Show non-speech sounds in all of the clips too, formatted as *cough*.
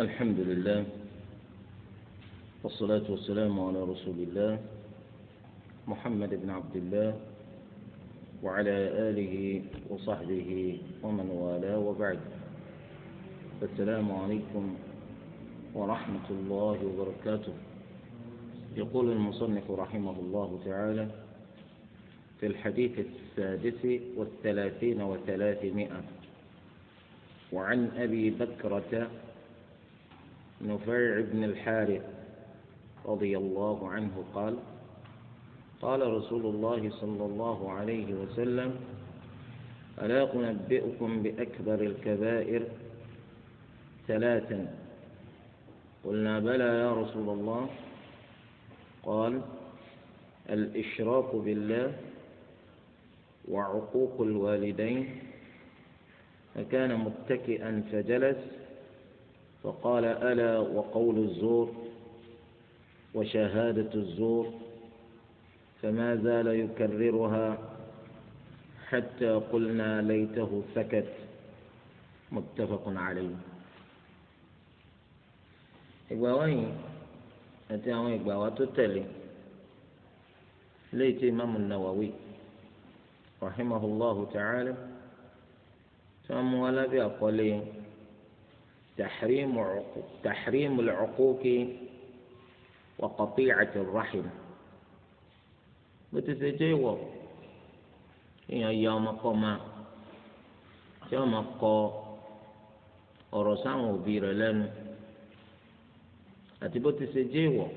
الحمد لله والصلاة والسلام على رسول الله محمد بن عبد الله وعلى آله وصحبه ومن والاه وبعد السلام عليكم ورحمة الله وبركاته يقول المصنف رحمه الله تعالى في الحديث السادس والثلاثين وثلاثمائة وعن أبي بكرة نفيع بن الحارث رضي الله عنه قال قال رسول الله صلى الله عليه وسلم ألا أنبئكم بأكبر الكبائر ثلاثا قلنا بلى يا رسول الله قال الإشراك بالله وعقوق الوالدين فكان متكئا فجلس فقال ألا وقول الزور وشهادة الزور فما زال يكررها حتى قلنا ليته سكت متفق عليه ìgbà wáyé àti àwọn ìgbà wa tó tẹ̀lé léyìí tí imaamu nawawi rahimahullahu ta'ala tí wọ́n mú wa lábẹ́ àkọlé yẹn. تحريم تحريم العقوق وقطيعة الرحم بتسجيو إن يوم قما يوم قا أرسان وبير لنا àti bó ti ṣe jẹ́ ìwọ̀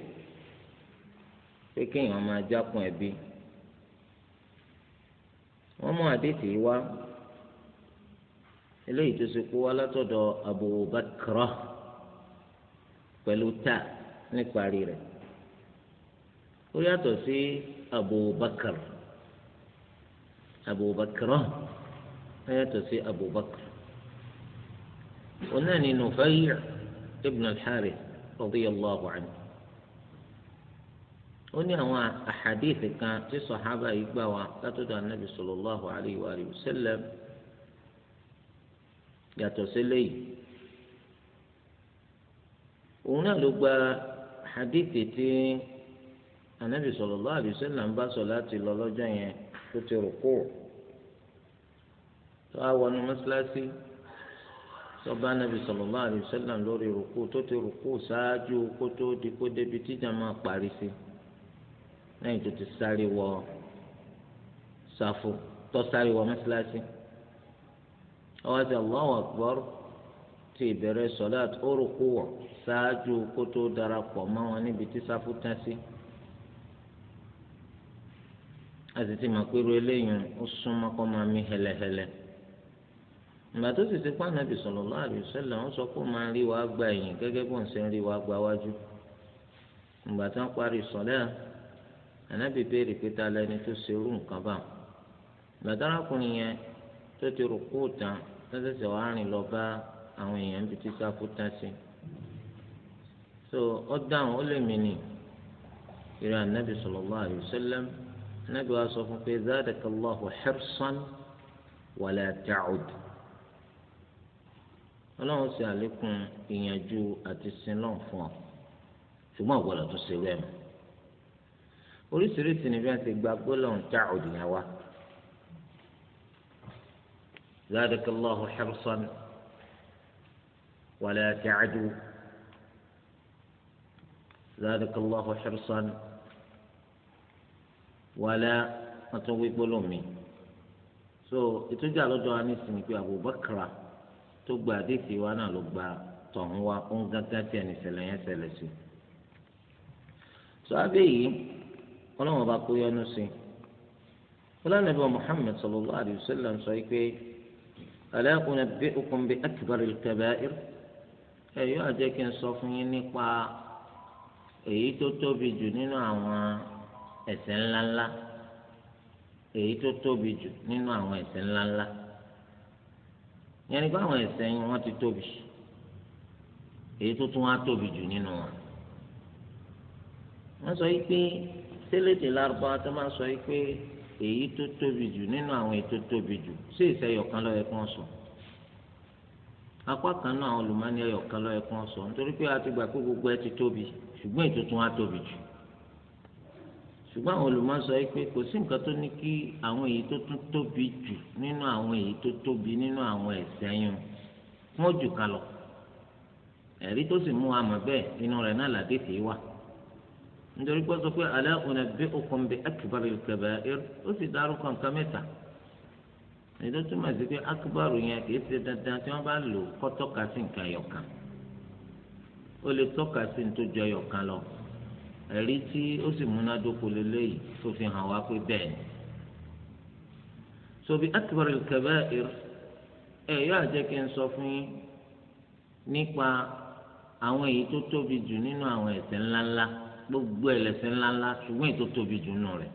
pé kéèyàn eléyìí tó ṣe kó wá látọ̀dọ̀ Abubakra pẹ̀lú ta níparí rẹ̀ ó yàtọ̀ sí Abubakar Abubakra ó yàtọ̀ sí Abubakar onáà ni Nufay' ibn al-Harith radiyallahu anhu ó ní àwọn àhàdíìsì kan tí sọ̀hábà yìí gbà wá látọ̀dọ̀ anábì sallallahu alayhi wa sallam yàtọ̀ sílẹ̀ yìí òun náà ló gba hadithi tí anabi sallallahu alaihi wasallam ń bá sọ láti lọ lọ́jọ́ yẹn tó ti rò kó tó a wọnú mọ́sálásí sọba anabi sallallahu alaihi wasallam lórí rò kó tó ti rò kó ṣáájú kó tó di kó débi tíjà máa parí sí lẹ́yìn tó ti sáré wọ sáfù tó sáré wọ mọ́sálásí. ọwọ́ ti Allahu Akbar ti ìbẹ̀rẹ̀ sọ́láàtì ó wọ̀ ṣáájú kó dara darapọ̀ mọ́ wọn níbi tí sáfù tán sí. ti mọ̀ pé irú eléyìí ó súnmọ́ kó máa mí hẹlẹhẹlẹ. ìgbà tó sì ti pa Ànábì sallallahu alaihi wasallam wọ́n sọ pé máa rí wàá gba ẹ̀yìn gẹ́gẹ́ bó ń ṣe ń rí wàá gba wájú. ìgbà tó ń parí Ànábì tó ti rùkú tán lọ́sẹ̀sẹ̀ wàá rìn lọ bá àwọn èèyàn bíi tí sáfù tán sí so ó dáhùn ó lè mí nì ìrẹ́ ànábì sallallahu alaihi wasallam ànábì wa sọ fún pé zadakallahu hirsan wala ta'ud ọlọ́run ṣe àlékún ìyànjú àti sinlọ́n fún ọ ṣùgbọ́n ọ̀gbọ́dọ̀ tó ṣe rẹ̀ mọ́ oríṣiríṣi ni bí wọ́n ti gba gbólóhùn ta'ud yẹn wá. زادك الله حرصا ولا تعدوا زادك الله حرصا ولا أتوي بلومي so ìtújà lọ́dọ̀ wa nísìnyí pé Abubakar tó gba àdéhìí wa náà ló gba tọ̀hún wa ó ń gángan tí ẹni ṣẹlẹ̀ yẹn ṣẹlẹ̀ sí so abẹ́ yìí ọlọ́run ọba kó yọnu sí i fúlànà bá Muhammad sallallahu alaihi wasallam sọ pé. ألا أنبئكم بأكبر الكبائر ẹ̀yọ́ àjẹ́ kí n sọ fún yín nípa èyí tó tóbi jù nínú àwọn ẹ̀ṣẹ̀ ńláńlá èyí tó tóbi jù nínú yín wọ́n ti tóbi èyí tó tún wá tóbi jù nínú wọn. wọ́n sọ yìí pé sélédè lárúbáwá tó máa sọ yìí pé èyí tó tóbi jù nínú àwọn èyí tó tóbi jù sí ìsẹyọkan lọ ẹkún sọ apá kan náà àwọn olùmọ́ni ẹyọkan lọ ẹkún sọ nítorí pé a ti gbà pé gbogbo ẹ ti tóbi ṣùgbọ́n èyí tó tún á tóbi jù ṣùgbọ́n àwọn olùmọ̀sọ yìí pé kò sí nǹkan tó ní kí àwọn èyí tó tún tóbi jù nínú àwọn èyí tó tóbi nínú àwọn ẹ̀ṣẹ̀ yẹn wọ́n jù ẹ̀rí tó sì mú àmọ́ bẹ́ẹ̀ inú rẹ̀ náà làdé tèé wà nítorí pé sọ pé ala unabbi'ukum bi akbaril kaba'ir ó sì dárúkọ nǹkan mẹ́ta ètò túmọ̀ sí pé akbaru yẹn kì í ṣe dandan tí wọ́n bá lò kọ́ tọ́ka sí nǹkan ẹ̀yọ̀kan ó lè tọ́ka sí ní tó ju ẹ̀yọ̀kan lọ ẹ̀rí tí ó sì múnádóko lélẹ́yìí tó fi hàn wá pé bẹ́ẹ̀ ni sobi akbaril kaba'ir ẹ yóò àjẹ́ kí n sọ fún yín nípa àwọn èyí tó tóbi jù nínú àwọn ẹ̀ṣẹ̀ ńláńlá. gbogbo ẹlẹ́ṣẹ̀ ńláńlá ṣùgbọ́n ètò tóbi jù nù rẹ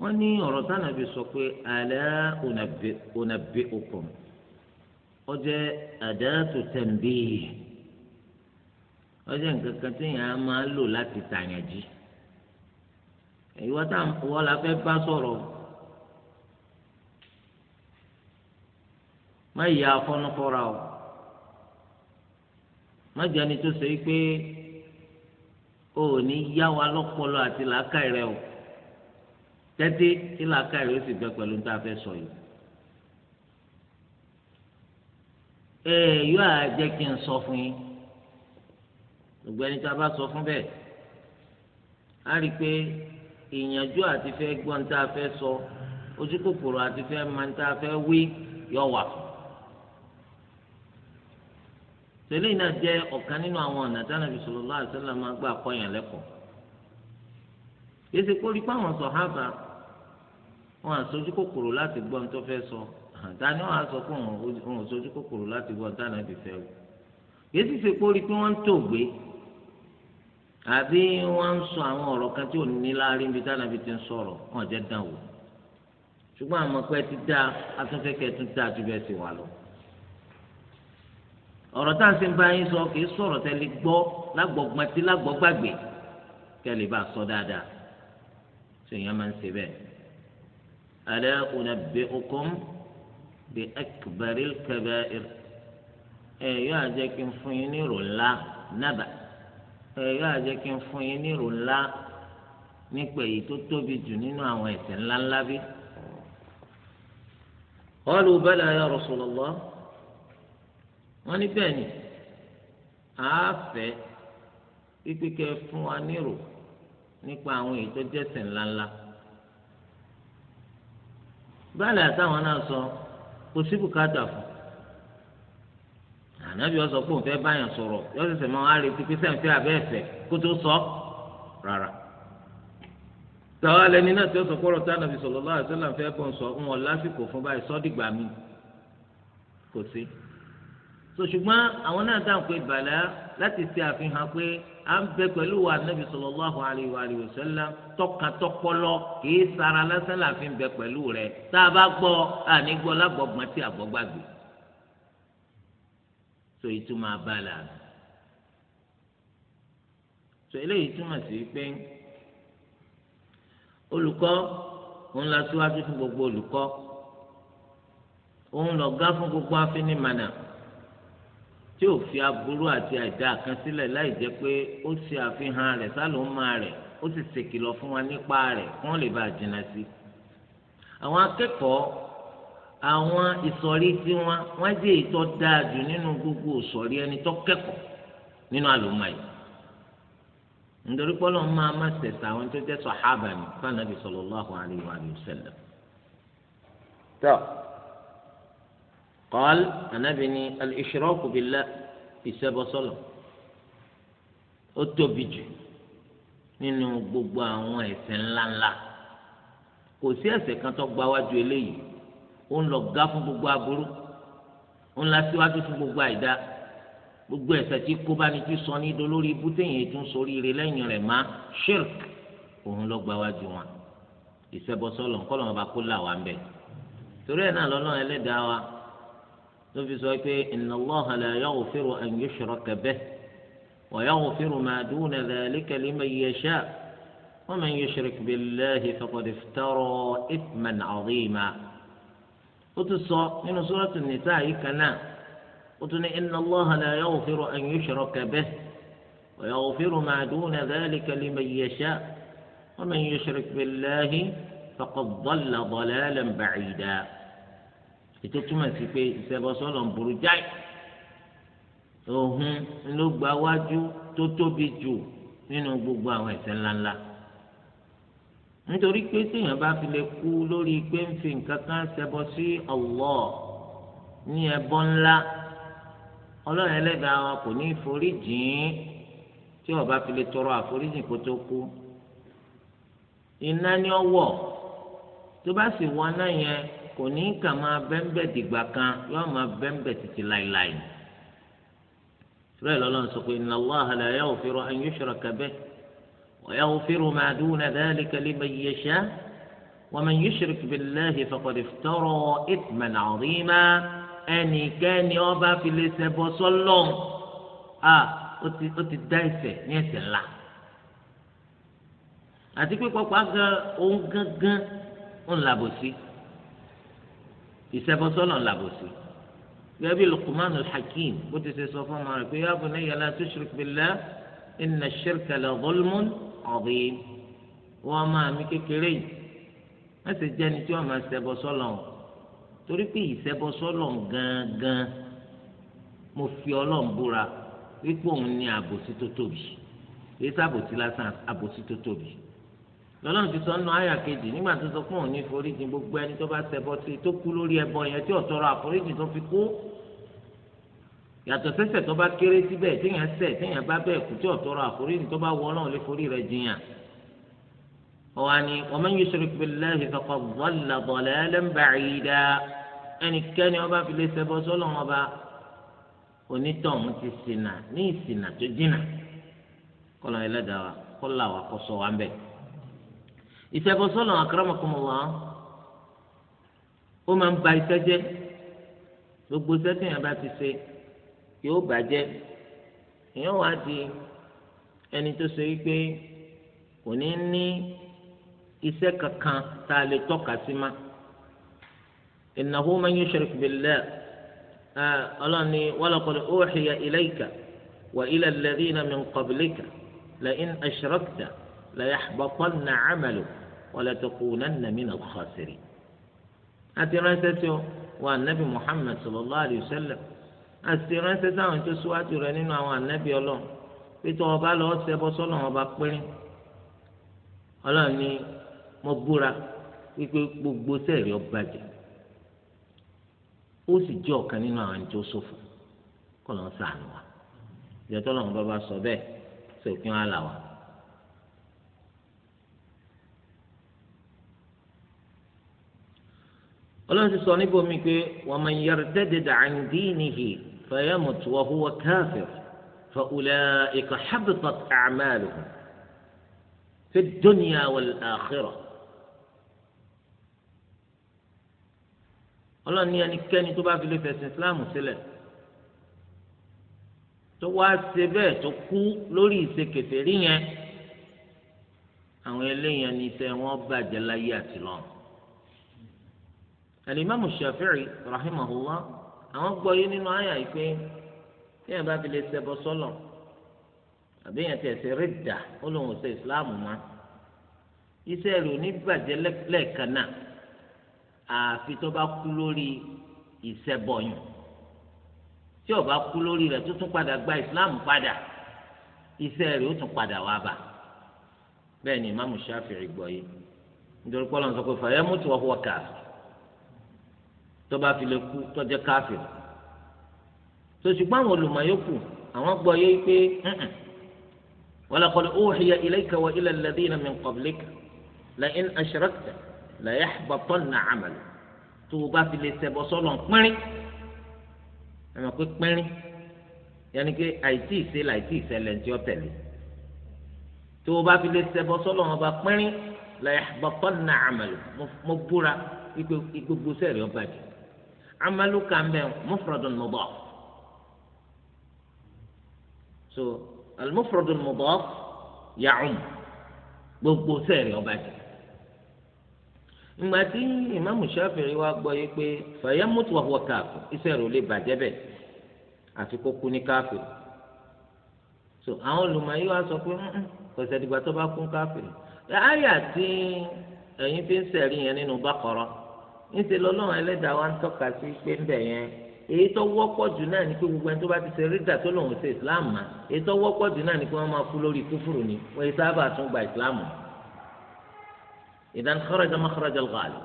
wọn ní ọ̀rọ̀ tánàbí sọ pé ala unabbi'ukum ó jẹ́ adatu tanbih ó nǹkan kan téèyàn á máa lò láti tàyàn jí ìwọ tá wọ́n la bá sọrọ. má yà afọ́nufọ́ra o. mọ́jọ ni tó ṣe é pé o ò ní yá wa lọ́pọlọ àti làákàyè rẹ o tẹ́tí tí làákàyè rẹ ó sì gbẹ pẹ̀lú tá a fẹ́ sọ yìí. ẹ yóò á jẹ́ kí n sọ fún yín gbogbo ẹni tá a bá sọ fún bẹ́ẹ̀ á rí i pé ìyànjú àti fẹ́ gbọ́n tá a fẹ́ sọ ojú àti fẹ́ máa ń tá a fẹ́ wí yọ wà fún tẹ́lẹ̀ náà jẹ́ ọ̀kan nínú àwọn ọ̀nà tí Ànábì sallallahu alaihi wasallam máa gbà kọ́yàn lẹ́kọ̀ọ́ yéésì kó rí pé àwọn sọ̀hábà wọn àsojú kòkòrò láti gbọ́ ohun tó fẹ́ sọ àtàní wọn àsọ pé òun òsojú kòkòrò láti gbọ́ ohun tí Ànábì fẹ́ wò yéésì ṣe kó rí pé wọ́n ń tòògbé àbí wọ́n ń sọ àwọn ọ̀rọ̀ kan tí ò ní láàrin ibi tí Ànábì ti ń sọ̀rọ̀ wọn jẹ́ dán wò ṣùgbọ́n pé ti dá afẹ́fẹ́ kẹ́ẹ̀tún dá ju wà lọ ọ̀rọ̀ tá à ń sìn bá yín sọ kì í sọ̀rọ̀ tẹ́ lè gbọ́ lágbọ̀gbọ́n tí lágbọ̀gbàgbé kẹ́ lè bá a sọ dáadáa tó yẹn máa ń ṣe bẹ́ẹ̀. ala unabbi'ukum bi akbaril kaba'ir ẹ̀ yóò àjẹ́ kí n fún yín ní ìrò nàbà ẹ̀ yóò àjẹ́ kí n fún yín ní ìrò nípa èyí tó tóbi jù nínú àwọn ẹ̀ṣẹ̀ ńláńlá bí. qalu bala ya wọ́n ní bẹ́ẹ̀ ni àáfẹ́ pípíkẹ́ fún wa nírò nípa àwọn èyí tó jẹ́sìn ńláńlá báàlì àtàwọn náà sọ kò sí bùkátà fún ànábì ọsọ pé òun fẹ́ báyàn sọ̀rọ̀ yọ ṣẹ̀ṣẹ̀ máa wá retí pé sẹǹfẹ abẹ ẹfẹ kó tó sọ rárá tàwa lẹni náà tí ó sọ pọrọ tí ànábì sọlọ lọ àti sọlọ fẹ́ bọ ń sọ ń wọn lásìkò fún báyìí sọdìgbà mi kò sí so ṣùgbọ́n àwọn náà dáhùn pé bàlá láti ṣe àfihàn pé à ń bẹ pẹ̀lú wa nabi sallallahu alayhi wa alihi wa sallam tọkàntọpọlọ kìí sara lásán la bẹ pẹ̀lú rẹ tá a bá gbọ́ àní gbọ́ lágbọ̀gbọ́n tí àgbọ̀ gbàgbé so ìtumọ̀ abala so eléyìí túmọ̀ sí pé olùkọ́ òun la síwájú fún gbogbo olùkọ́ òun lọ̀gá fún gbogbo afinimànà tí ò fi aburú àti àìdá kan sílẹ̀ láì jẹ́ pé ó ṣe àfihàn rẹ̀ sálòmà rẹ̀ ó sì ṣèkìlọ̀ fún wa nípa rẹ̀ kí wọ́n lè bá a jìnnà sí. àwọn akẹ́kọ̀ọ́ àwọn ìsọ̀rí tí wọ́n wọ́n jẹ́ ìtọ́ dáa jù nínú gbogbo ìsọ̀rí ẹni tó kẹ́kọ̀ọ́ nínú àlùmá yìí. nítorí pọ́lọ́ máa má ṣẹ̀ṣẹ̀ àwọn tó jẹ́ sọ̀hábà ní fún ànábì alaihi wa sallam. قال أنا بني الإشراك بالله ìṣẹbọ sọlọ ó tóbi jù nínú gbogbo àwọn ẹ̀ṣẹ̀ ńláńlá kò sí ẹ̀ṣẹ̀ kan tó gba wájú eléyìí ó ń lọ gá fún gbogbo aburú ó ń la síwájú fún gbogbo àìdá gbogbo ẹ̀ṣẹ̀ tí kó bá ní tí sọ ní idó lórí ibú téèyàn tún sórí ire lẹ́yìn rẹ̀ má shirk òun lọ gba wájú wọn ìṣẹbọ sọlọ ńkọlọ wọn bá kó là wá ń bẹ torí ẹ̀ náà lọ́nà ẹlẹ́dàá wa. ló fi sọ pé inna Allaha la yaghfiru an yushraka bihi wa yaghfiru ma duna ومن يشرك بالله فقد افترى إثما عظيما وتصى من سورة النساء كنا وتن إن الله لا يغفر أن يشرك به ويغفر ما دون ذلك لمن يشاء ومن يشرك بالله فقد ضل ضلالا بعيدا ètò túmọ̀ sí pé ìṣẹ́bọsọ́lọ̀ ń burú jáì òhun ló gba wájú tó tóbi jù nínú gbogbo àwọn ẹ̀ṣẹ̀ ńláńlá nítorí pé téèyàn bá fi lè kú lórí pé ń fi nǹkan kan ṣẹbọ sí Allah ní ẹbọ ńlá ọlọ́run ẹlẹ́dàá wa kò ní forí jìn tí ó bá fi lè tọrọ àforíjìn kó tó kú iná ni ó tó bá sì wọ náà yẹn kò ní kà máa bẹ́ńbẹ́ dìgbà kan yóò máa bẹ́ńbẹ́ títí láéláé sùrẹ́ lọ́lọ́run sọ pé inna Allaha la yaghfiru an yushraka bihi wa yaghfiru ma duna dhalika liman yasha wa man yushrik billahi faqad iftara ithman 'azima ẹnikẹ́ni ó bá fi lè ṣẹbọ sọ́lọ́n a ó ti dá ẹ̀ṣẹ̀ ní ẹ̀ṣẹ̀ ńlá àti pé pọpọ àgàn òun gángan ń làbòsí ìṣẹ́bọsọ́lọ̀ làbòsí gẹ́gẹ́ bí Luqman al-Hakim bó ti ṣe sọ fún ọmọ rẹ̀ pé ya bunayya la tushrik billah inna ash-shirka la dhulmun adheem wọ́n máa mi kékeré yìí wọ́n sì jẹ́ ẹni tí wọ́n máa ṣẹbọsọ́lọ̀ torí pé ìṣẹ́bọsọ́lọ̀ gangan mo fi Ọlọ́run búra wípé òun ni àbòsí tó tóbi èyí sábòsí lásán àbòsí tó tóbi lọ́lọ́run ti sọ nínú àyà kejì nígbà tó sọ fún òní foríjì gbogbo ẹni tó bá ṣẹbọ sí i tó kú lórí ẹbọ yẹn tí ọ̀tọ̀rọ̀ àforíjì tó fi kú yàtọ̀ sẹ́ṣẹ̀ tó bá kéré síbẹ̀ téèyàn ṣẹ̀ téèyàn bá bẹ́ẹ̀ kú tí ọ̀tọ̀rọ̀ àforíjì tó bá wọ ọlọ́run lè forí rẹ̀ jiyàn. ọ̀wá ni waman yushrik billahi faqad dhalla dhalalan ba'ida ìṣẹ́bọsọ́nà akramakumullah ó máa ń ba iṣẹ́ jẹ́ gbogbo iṣẹ́ tí èèyàn bá ti ṣe yóò bàjẹ́ èèyàn wá di ẹni tó ṣe wípé kò ní ní iṣẹ́ kankan tá a lè tọ́ka sí ma innahu man yushrik billah ọlọ́ni walaqad uhiya ilayka wa ila alladhina min qablika la in ashrakta la yahbatanna amaluka wala takunanna minal khasirin. àti ránṣẹ́ tí ó wà nábì Muhammad sallallahu alayhi wa sallam àti ránṣẹ́ sáwọn tó síwájú rẹ̀ nínú àwọn ànábì ọlọ́run pé tí wọ́n bá lọ ṣẹbọ sọ́nà wọn bá pínrín ọlọ́run ni mo búra wípé gbogbo sẹ́ẹ̀rì ó bàjẹ́ ó sì jẹ́ ọ̀kan nínú àwọn tó ṣòfò kọ́ lọ́n sànù wa ìjọ tó lọ́n bá bá sọ bẹ́ẹ̀ sọ̀kìn àlà wa. ọlọ́run ti sọ níbo mi pé wọ́n máa yẹrẹ tẹ́tẹ́ an dinihi fayamut wa huwa kafir fa ulaika habitat a'maluhum fi dunya wal akhirah. ọlọ́run ní ẹnikẹ́ni tó bá fi lè fẹ̀sìn islam sílẹ̀ tó wá ṣe bẹ́ẹ̀ tó kú lórí ìṣe kèfèrí yẹn àwọn eléyàn ní iṣẹ́ wọn bàjẹ́ láyé àti alimami shafi'i rahimahullah àwọn gbọ́ yé nínú àyà yìí pé téèyàn bá fi lè ṣẹbọ sọlọ àbí èèyàn tiẹ̀ ṣe rídà ó lóun ṣe ìsìláàmù mọ́ iṣẹ́ rẹ̀ ò ní bàjẹ́ lẹ́ẹ̀kan náà àfi tó bá kú lórí ìṣẹbọyìn tí ó bá kú lórí rẹ̀ tó tún padà gba ìsìláàmù padà iṣẹ́ rẹ̀ ó tún padà wá bá bẹ́ẹ̀ ni imaamu shafi'i gbọ́ yìí nítorí pọ́lọ́n sọ pé fàyẹ́mùtù wa huwa kafir tọba fi lè kú tọjẹ káfíìn sọṣùgbọ́n àwọn olùmọ̀ yòókù àwọn gbọ́ yé pé walaqad uhiya ilayka wa ila alladhina min qablika la in ashrakta la yahbatanna 'amaluk tó o bá fi lè ṣẹbọ sọ́nà pínrín ẹ̀mọ̀ pé pínrín yẹnni pé àìsí ìṣe làìsí ìṣẹlẹ̀ ń tí ó tẹ̀lé tó o bá fi lè ṣẹbọ sọ́nà ọba pínrín la yahbatanna 'amaluk mo búra gbogbo sẹ́ẹ̀rì ọba jù amaluka mbẹ mufradun mudaf so almufradun mudaf yaum gbogbo sẹẹrì ọba jẹ ìgbà tí ìmáàmù Ṣáfi'í wa gbọ́ yìí pé fàyàmùtù wa huwa káfir iṣẹ́ rẹ̀ ò lè bàjẹ́ bẹ́ẹ̀ àfi kó kú so àwọn olùmọ̀ yìí wá sọ pé kò sẹ́dìgbà tó bá kú káfir ayà tí ẹ̀yin fi ń sẹ̀rí yẹn nínú Baqara níṣẹ́ lọ́lọ́run ẹlẹ́dàá wa ń tọ́ka sí pé ń bẹ̀ yẹn èyí tó wọ́pọ̀ jù náà ni pé gbogbo ẹni tó bá ti ṣe rídà tó lòun ṣe islam mà èyí tó wọ́pọ̀ jù náà ni pé wọ́n máa kú lórí kúfùrù ni wọ́n yìí sábà tún gba islam ìdáni kharaja makharaja al-ghalib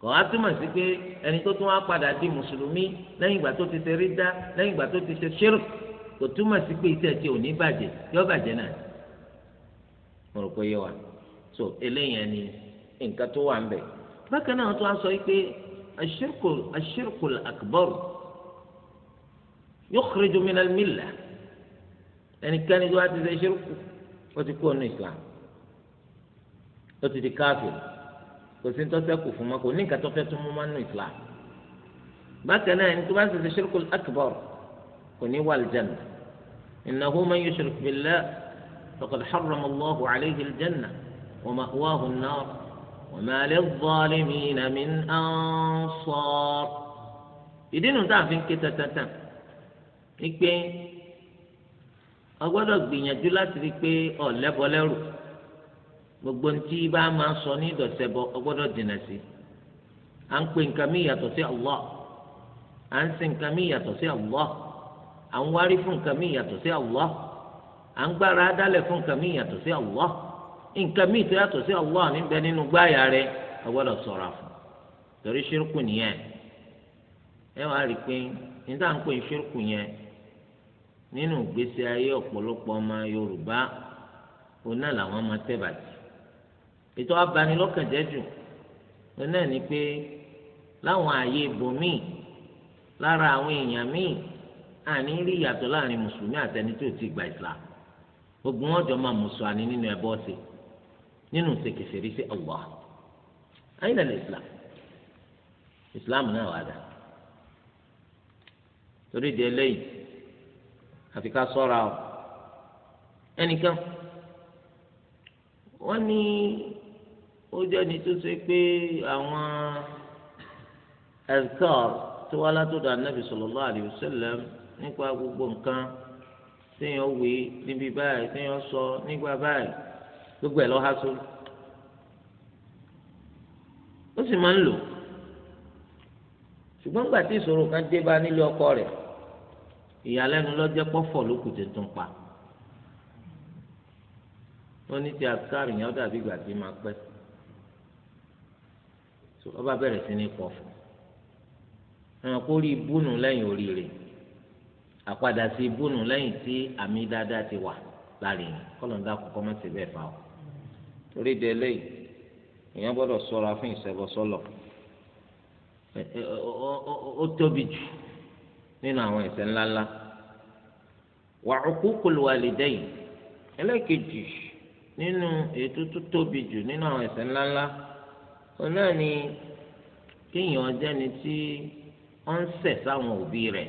kò á túmọ̀ sí pé ẹni tó tún wá padà di mùsùlùmí lẹ́yìn ìgbà tó ti ṣe rídà lẹ́yìn ìgbà tó ti ṣe ṣírù kò túmọ̀ sí pé iṣẹ́ ti ò bàjẹ́ yọ bàjẹ́ náà mo rò pé yẹ wa so eléyìí ẹni nǹkan tó wà ń bẹ̀ẹ́ bákan náà tó a sọ yìí pé aṣírkù aṣírkù akbar yukhriju min al-millah ẹnikẹ́ni tó a ti ṣe ṣírkù ó ti kú ọ̀nà islam ó ti di káfíìn kò sí tọ́sẹ̀ kù fún ma kò ní nǹkan tó fẹ́ tún mú mánú islam bákan náà ẹni tó bá ṣe ṣe ṣírkù akbar kò ní wà al-jannah innahu man yushrik billah faqad harrama Allahu alayhi al-jannah wa ma'wahu an-nar. وما للظالمين من أنصار ìdínú tá a fi ń ké tatata ni pé a gbọ́dọ̀ gbìyànjú láti rí i pé ọ̀lẹ́bọlẹ́rù gbogbo ntí bá máa sọ ní ìdọ̀sẹ̀bọ a gbọ́dọ̀ dènà sí à ń pè nǹkan mí yàtọ̀ sí Allah à ń sin nǹkan mí yàtọ̀ sí Allah à ń wárí fún nǹkan mí yàtọ̀ sí Allah à ń gbára dálẹ̀ fún nǹkan mí yàtọ̀ sí Allah. nǹkan míì tó yàtọ̀ sí Allah níbẹ̀ nínú gbáyà rẹ a gbọ́dọ̀ sọ̀ra fún torí ṣírkù nìyẹn ẹ wàá rí i pé níta ń pè ṣírkù yẹn nínú ìgbésí ayé ọ̀pọ̀lọpọ̀ ọmọ Yorùbá òun náà làwọn máa tẹ̀bàtì ètò abanilọ́kànjẹ́ jù òun náà ni pé láwọn ààyè ibòmíì lára àwọn èèyàn míì àní rí ìyàtọ̀ láàrin mùsùlùmí ti gba ìsìlá gbogbo wọn jọ máa mùsùlùmí nínú ẹbọ nínú ṣèkèfèrè sí Allah ayé lẹ́nu islam islam náà wà dà torí di eléyìí àfi ká sọ́ra o ẹnìkan wọ́n ní ó jẹ́ ní tó ṣe pé àwọn ẹ̀kọ́ tó wá látọ̀dọ̀ anábì sallallahu alaihi wasallam nípa gbogbo nǹkan téèyàn wí níbi báyìí téèyàn sọ nígbà báyìí gbogbo ẹ̀ lọ́ há sórí ó sì máa ń lò ṣùgbọ́n nígbà tí ìṣòro kan dé bá nílé ọkọ rẹ̀ ìyàlẹ́nu lọ́jẹ́ pọ́fọ̀ ló kù tuntun pa wọ́n ní ti àtúkárì yẹn ó dàbí ìgbà tí máa pẹ́ ọba bẹ̀rẹ̀ sí ní pọ̀fọ̀ ẹ̀wọ̀n kó rí ibùnú lẹ́yìn oríire àpadà sí ibùnú lẹ́yìn tí àmì dáadáa ti wà láàrin kọ́lọ̀ ń dá kọ́kọ́ mọ́ sí bẹ́ẹ̀ fà ó torí de eléyìí èèyàn gbọ́dọ̀ ṣọ́ra fún ìṣẹbọ sọlọ ó tóbi jù nínú àwọn ẹ̀ṣẹ̀ ńláńlá wa uququl walidayn ẹlẹ́kejì nínú ètò tó tóbi jù nínú àwọn ẹ̀ṣẹ̀ ńláńlá òun náà ni kéèyàn jẹ́ni tí ó ń ṣẹ̀ sáwọn òbí rẹ̀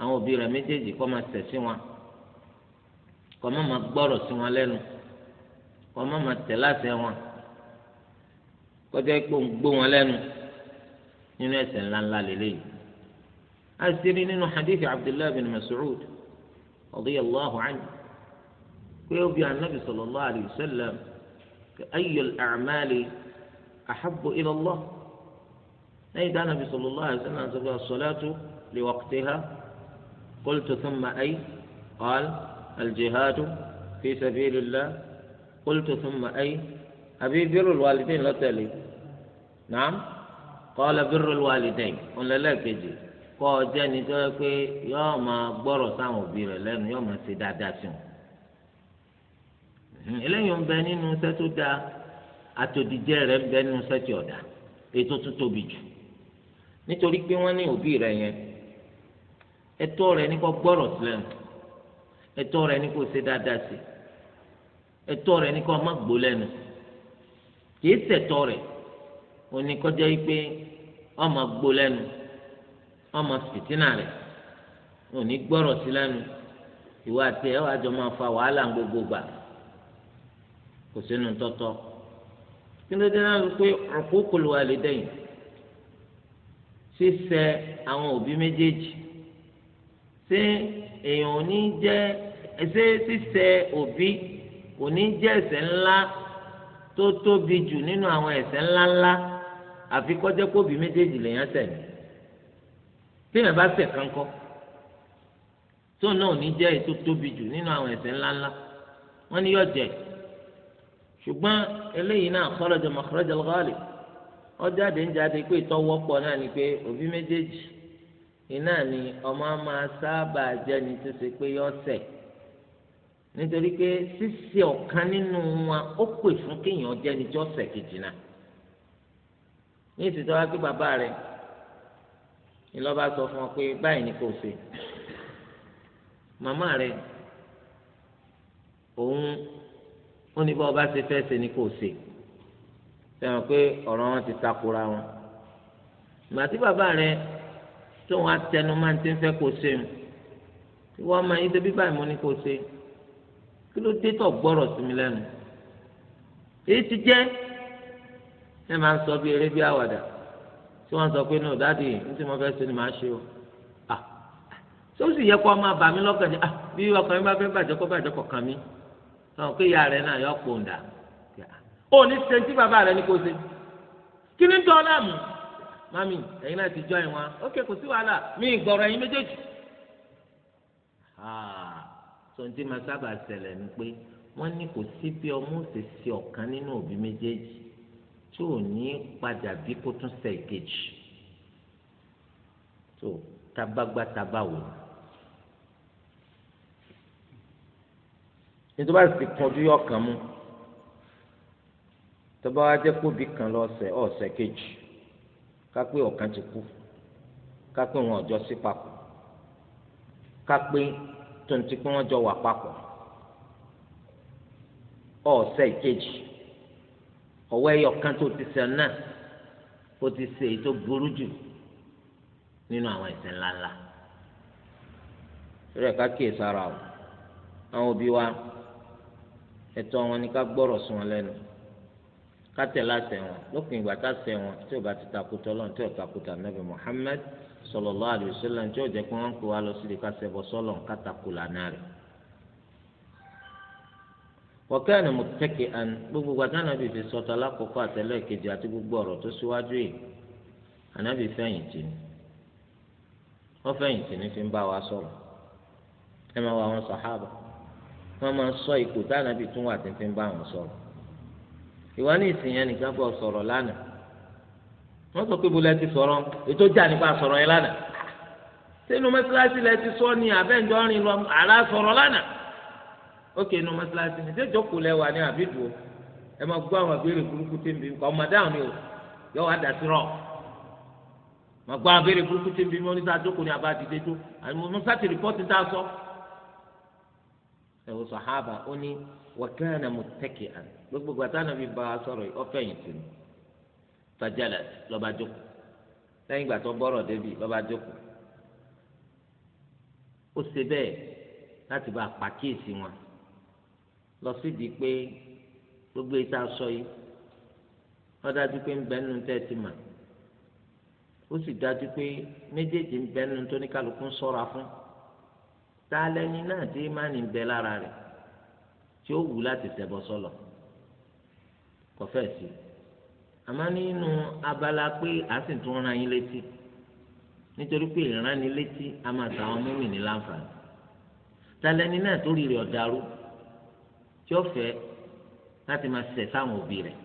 àwọn òbí rẹ̀ méjèèjì kó máa ṣẹ̀ sí wọn kó máa gbọ́rọ̀ sí wọn lẹ́nu. kọ́ ma máa tẹ̀ láti wọn kọjá ikú ń gbó wọn lẹ́nu nínú ẹ̀ṣẹ̀ ńlá ńláńlá lélẹ́yìí asiri nínú hadith abdullahi bin mas'ud radiyallahu anhu kó yẹ bi anabi sallallahu alayhi wa sallam ayyul a'mali ahabbu ila Allah lẹ́yìn dáná bi sallallahu alayhi wa sallam sọ lè as-salatu li waqtiha qultu thumma ay qala al-jihadu fi sabilillah. قلت ثم أي أبي بر الوالدين لا تلي نعم قال بر الوالدين قلنا لا كجي kọ jẹ ni tó yẹ pé yọọ máa gbọ́rọ̀ sáwọn òbí rẹ̀ lẹ́nu yọọ máa ṣe dáadáa sí wọn eléyìí ń bẹ nínú iṣẹ́ tó dáa àtòdìjẹ rẹ̀ ń bẹ nínú iṣẹ́ tí ọdà ètò tó tóbi jù nítorí pé wọn ní òbí rẹ̀ yẹn ẹ̀tọ́ rẹ̀ ní kó gbọ́rọ̀ sílẹ̀ ẹ̀tọ́ rẹ̀ ní kó ṣe dáadáa sí i ẹ̀tọ́ rẹ̀ ní kó má gbó lẹ́nu kìí ṣẹ̀tọ́ rẹ̀ òní kọjá yìí pé ọmọ gbó lẹ́nu ọmọ fìtínà rẹ̀ òní gbọ́rọ̀ sí lẹ́nu ìwà àti ẹwà àjọ máa fa wàhálà gbogbo gbà kò sínú tọ́tọ́ kí ló dé náà ló pé uququl walidayn ṣíṣẹ àwọn òbí méjèèjì ṣé èèyàn ò ní jẹ́ ṣé ṣíṣẹ òbí kò ní jẹ́ ẹ̀ṣẹ̀ ńlá tó tóbi jù nínú àwọn ẹ̀ṣẹ̀ ńláńlá àfi kọjá kóbi méjèèjì lèèyàn ṣẹ̀mí téèyàn bá ṣẹ̀ kánkọ́ tó náà ní jẹ́ èyí tó tóbi jù nínú àwọn ẹ̀ṣẹ̀ ńláńlá wọ́n ní yọ jẹ́ ṣùgbọ́n eléyìí náà kharaja makhraj al-ghalib ọjáde ń jáde pé náà ni pé òbí méjèèjì iná ni ọmọ máa sábà jẹ́ni tó ṣe pé yọ ṣẹ̀ nítorí pé ṣíṣe ọ̀kan nínú wọn ó pè fún kéèyàn jẹ́ni tí ó ṣẹ̀ kejì náà ní ìsìtọ́ wá pé bàbá rẹ̀ ni lọ́ba sọ fún ọ pé báyìí ni kò ṣe màmá rẹ̀ òun ó ní bá ọba ṣe fẹ́ ṣe ni kò ṣe fẹ́ràn pé ọ̀rọ̀ wọn ti takora wọn ìgbà tí bàbá rẹ̀ tó wọn atẹnu máa ń ti fẹ́ kó ṣe wọn máa ń ṣe bí báyìí mo ní kó ṣe. kí ló dé tó gbọ́rọ̀ sí mi lẹ́nu èyí ti jẹ́ ẹ máa ń sọ bí eré bí àwàdà tí no dadi ní tí mo fẹ́ ṣe ni màá ṣe o ah tó sì yẹ kó ọmọ bà mí lọ́kàn jẹ́ bí ọkàn mi bá fẹ́ bàjẹ́ kó bàjẹ́ kó kàn mi táwọn pé ìyá rẹ̀ náà yọ pò ń dà ó ní bàbá rẹ̀ ní mami ẹ̀yin náà ti jọ ẹ̀ ókè mi ìgbọ̀rọ̀ ẹ̀yin tòun tí máa sábà ṣẹlẹ̀ ni pé wọ́n ní kò sí bí ọmọ òsè sí ọ̀kan nínú òbí méjèèjì tí ò ní padà bí kó tún ṣe ìkejì tó tabagbá tabawò nítorí bá sì kọjú yọ kàn mú tọ́ba wa jẹ́ kóbi kan lọ́sẹ̀ ọ̀sẹ̀ kejì kápẹ́ ọ̀kan ti kú kápẹ́ wọn ọ̀jọ́ sí papọ̀ kápẹ́ tó ń ti pé wà papọ̀ ọ̀ọ́sẹ̀ ìkejì ọ̀wọ́ ẹyọ kan ti sẹ́ náà ó ti ṣe èyí tó burú jù nínú àwọn ẹ̀ṣẹ̀ ńláńlá rẹ̀ ká kíyè sára o àwọn òbí wa ẹ̀tọ́ wọn ni ká gbọ́rọ̀ sí wọn lẹ́nu ká tẹ̀ láṣẹ wọn lópin ìgbà tá ṣẹ wọn tí ò bá ti takùtọ̀ lọ́n tí ò takùtà nàbì Muhammad sallallahu alaihi wasallam tí ọjọ́ pé wọn ń pè wá lọ sọlọ kátàkù lànà rẹ. wa gbogbo gbàdánà bíi fi sọtọ alákọ̀ọ́kọ́ àtẹlẹ kejì àti gbogbo ọ̀rọ̀ tó síwájú yìí ànábì wọ́n fi ń bá wa sọ̀rọ̀ ẹ sọ ipò tún wà tí ń fi ń bá wọn sọ̀rọ̀ ìwà ní ìsìn yẹn nìkan bọ̀ wọ́n sọ pé ibo lẹ ti sọ̀rọ̀ ètò ìjà nípa sọ̀rọ̀ yẹn lánàá sínú mọ́sálásí lẹ ti sọ ni àbẹ́ǹjọ́ rìn lọ àrà sọ̀rọ̀ lánàá ókè inú mọ́sálásí ni ìjọ́kù lẹ wà ní àbídùú ẹ máa gbọ́ àwọn abéèrè burúkú tí ń bí nǹkan ọmọdé àwọn ni o yọ wá dà sí rọ máa gbọ́ àwọn abéèrè burúkú tí ń bí mi oníṣẹ́ àjókòó ni àbá dìde tó àmọ́sá ti rìpọ́tì tá a sọ. ẹ̀wọ̀n sàhábà ó ní wàkẹ́rẹ́ nà mọ̀tẹ́kì à gbogbo gbàtà a sọ̀rọ̀ ọ̀fẹ́ yìí fajalat lọba jókòó lẹ́yìn ìgbà tó gbọ́rọ̀ débi lọba jókòó ó ṣe bẹ́ẹ̀ láti bá pàkíyèsí wọn lọ sídìí pé gbogbo ìta sọ yìí wọ́n dájú pé ń bẹ́ẹ̀ nínú tẹ́tí mà ó sì dájú pé méjèèjì ń bẹ́ẹ̀ nínú tó ní kálukú ń sọ́ra fún tá a lẹ́ni náà tí má ní bẹ́ẹ̀ lára rẹ̀ tí ó wù láti ṣẹbọ sọ́lọ̀ kọfẹ́ sí i àmọ́ nínú abala pé a sì tún ran yín létí nítorí pé ìránnilétí a máa tàwọn mọ́mì ní láǹfààní talẹ́ni náà tó rí rẹ̀ ọ̀darú tí ó fẹ́ láti máa ṣẹ̀ sáwọn òbí rẹ̀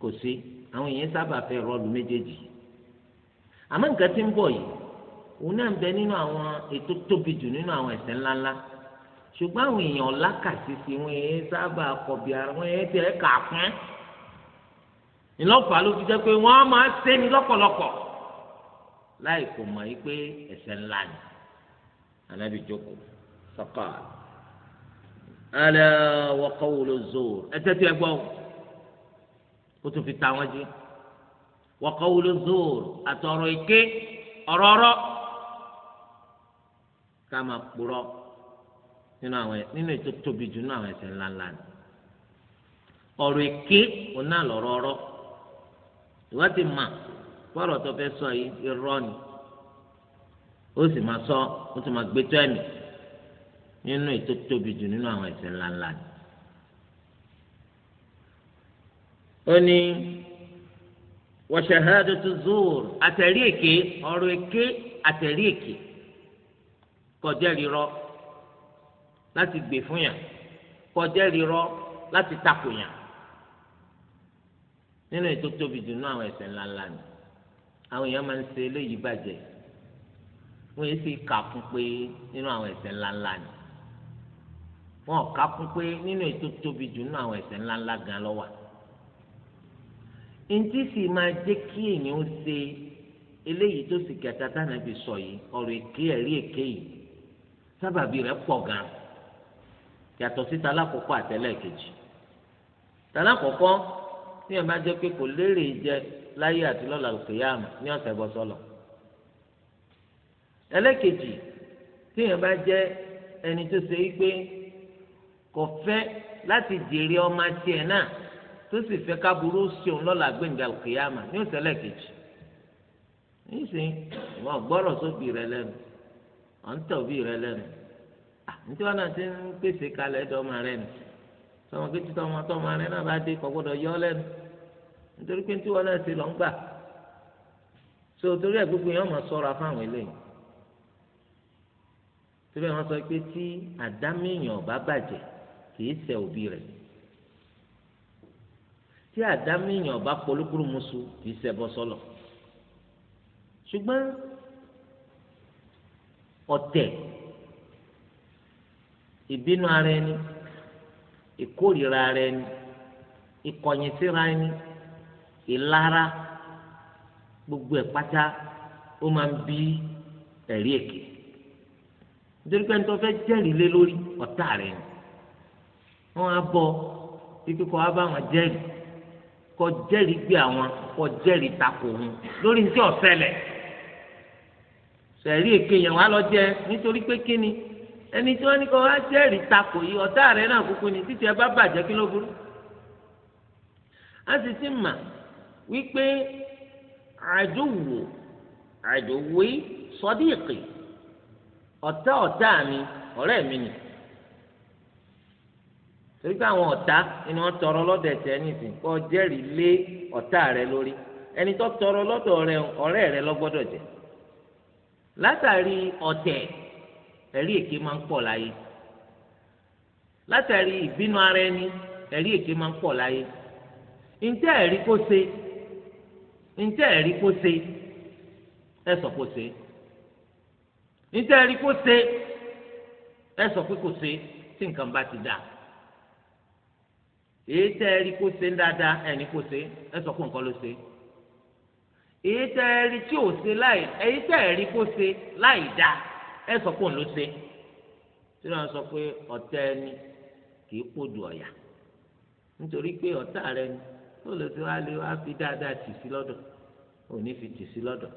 kò sí àwọn èèyàn sábà fẹ́ rọlù méjèèjì àmọ́ nǹkan tí ń bọ̀ yìí òun náà ń bẹ nínú àwọn ètò tóbi jù nínú àwọn ẹ̀ṣẹ̀ ńláńlá ṣùgbọ́n àwọn èèyàn lákàtí sí wọn èèyàn sábà kọbi ara wọn èèyàn tẹ̀ ẹ́ kà fún ìlọ́fà ló fi jẹ́ pé wọ́n máa ṣe ní lọ́pọ̀lọpọ̀ láì kò mọ̀ yí pé ẹ̀ṣẹ̀ ńlá ni anabi jókòó sọ́kà ala wa qawlu zur ẹ̀tẹ́ tí ẹ gbọ́ kó tó fi ta wọn jí wa qawlu zur àtọ̀rọ̀ èké ọ̀rọ̀ọ̀rọ̀ ká máa kpọ̀rọ̀ nínú àwọn nínú ètò tóbi jù nínú àwọn ẹ̀ṣẹ̀ ńláńlá ni ọ̀rọ̀ èké òun náà lọ̀rọ̀ọ̀rọ̀ ìwọ ti mà fọ̀rọ̀ tó fẹ́ sọ yìí irọ́ ni ó sì máa sọ ó sì máa gbé tó ẹ̀mí nínú ètò tóbi jù nínú àwọn ẹ̀ṣẹ̀ ńláńlá ni. ó ní wa shahadatu zuur àtẹ̀rí èké ọ̀rọ̀ èké àtẹ̀rí èké kọjá rírọ́ láti gbè fún yàn kọjá rírọ́ láti takò yàn nínú ètò tóbi jù nínú àwọn ẹ̀ṣẹ̀ ńláńlá ni àwọn èèyàn máa ń ṣe eléyìí bàjẹ́ wọn yìí sì kà kún pé nínú àwọn ẹ̀ṣẹ̀ ńláńlá ni wọn kà kún pé nínú ètò tóbi jù nínú àwọn ẹ̀ṣẹ̀ ńláńlá gan ló ntí sì máa jẹ́ kí èèyàn ṣe eléyìí tó sì kẹta tánà fi sọ yìí ọ̀rọ̀ èké ẹ̀rí èké yìí sábàbí rẹ̀ pọ̀ gan yàtọ̀ sí talákòókò àtẹlẹ́kejì talákòókò. tí yẹn bá jẹ́ pé kò lérè jẹ láyé àti lọ́la kìyàmù ní ọ̀sẹ̀ bọ́ sọ́lọ̀ ẹlẹ́kejì tí yẹn bá jẹ́ ẹni tó ṣe wípé kò fẹ́ láti jèrè ọmọ tiẹ̀ náà tó sì fẹ́ lọ́la gbẹ̀ngà ní ọ̀sẹ̀ ẹlẹ́kejì nísìnyí gbọ́rọ̀ sóbì rẹ lẹ́nu tọmọ kí tí tọmọ tọmọ rẹ náà bá dé kò gbọ́dọ̀ yọ lẹ́nu nítorí pé tí wọn náà ti lọ ń gbà so torí ẹ gbogbo yẹn wọn máa ṣọ́ra fáwọn eléyìí torí wọn sọ pé tí àdámẹ́yìn ọba bàjẹ́ kìí ṣe òbí rẹ̀ tí àdámẹ́yìn ọba polúkúrú musu kìí ṣe bọ́ sọ́lọ̀ ṣùgbọ́n ọ̀tẹ̀ ìbínú ara ẹni ìkórìíra rẹ ni ìkọ̀yìn síra ẹni ìlara gbogbo ẹ̀ pátá ó máa ń bí ẹ̀rí èké nítorí pé nítorí fẹ́ jẹ́rìí lé lórí ọ̀tá rẹ ni wọ́n á bọ̀ títí kọ́ á bá wọn jẹ́rìí kọ́ jẹ́rìí gbé àwọn kọ́ jẹ́rìí takò wọn lórí ní tí ọ̀sẹ̀ lẹ̀ sẹ̀rí èké yẹn wọ́n lọ jẹ nítorí pé kíni ẹni tí wọ́n ní kó wá jẹ́rìí takò yìí ọ̀tá rẹ̀ náà kúkú ni títí ẹ bá kí ló burú. a sì ti mà wípé àdúwò sọdíìkì ọtá mi ọ̀rẹ́ mi nì. torí pé àwọn ọ̀tá ni wọ́n tọrọ lọ́dọ̀ ẹ̀tẹ́ nísìnyí lé ọ̀tá lórí ẹni tọrọ lọ́dọ̀ ọ̀rẹ́ rẹ látàrí ọ̀tẹ̀ ẹ̀rí èké máa ń pọ̀ láyé látàrí ìbínú ara ẹni ẹ̀rí èké máa ń pọ̀ láyé ntẹ́ ẹ̀rí kó se ntẹ́ ẹ̀rí kó ṣe ẹ sọ kó ṣe ntẹ́ ẹ̀rí kó ṣe ẹ sọ pé kó ṣe tí nǹkan bá ti dà èyí tẹ́ ẹ̀rí kó ṣe dáadáa ẹ̀ní kó ṣe ẹ sọ pé nǹkan ló ṣe èyí tẹ́ ẹ̀rí tí ò ṣe láì èyí tẹ́ ẹ̀rí kó ṣe láì dáa. ẹ sọ pé òun ló ṣe tí wọn sọ pé ọ̀tá ẹni kì í pòdù ọ̀yà nítorí pé rẹ ni tó lè tó wá fi dáadáa tì sí lọdọ òní fi tì sí lọ́dọ̀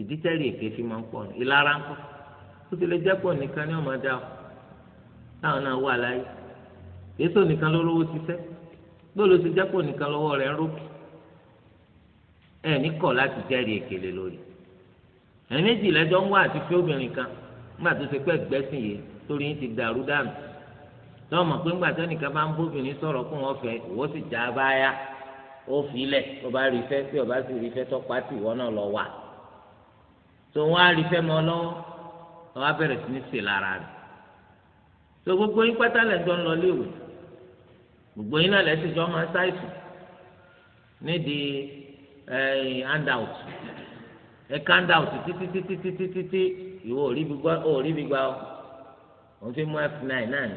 ìdítẹ́rì èké fi máa ń pọ̀ ìlara ń pọ̀ ó ti lè jẹ́pọ̀ nìkan ní ọmọ o táwọn náà wà láyé èso nìkan ló lówó ti jẹ́pọ̀ nìkan ẹ̀yin méjì lẹ́jọ́ ń wá àti fẹ́ obìnrin kan nígbà tó ṣe pé ẹ̀gbẹ́sìn yìí torí yín ti dàrú dànù tọ́ mọ̀ pé ńgbà tẹ́nìkan bá ń bóbìnrin sọ̀rọ̀ kó wọ́n fẹ́ ìwọ́ sì já a bá yá ó fi lẹ̀ tó bá rí fẹ́ tí ó bá sì rí fẹ́ tọ́pá tì wọ́n náà lọ wà tó wọ́n á rí fẹ́ mọ́ lọ́wọ́ wọ́n á bẹ̀rẹ̀ sí ní sè lára rẹ̀ tó gbogbo yín pátá lẹ́jọ́ ń lọ léwu gbogbo yín náà lẹ́sìn ẹ kanda òtún títí títí títí títí ìwọ òrí bí gba ọ òun fi mú f nine náà ni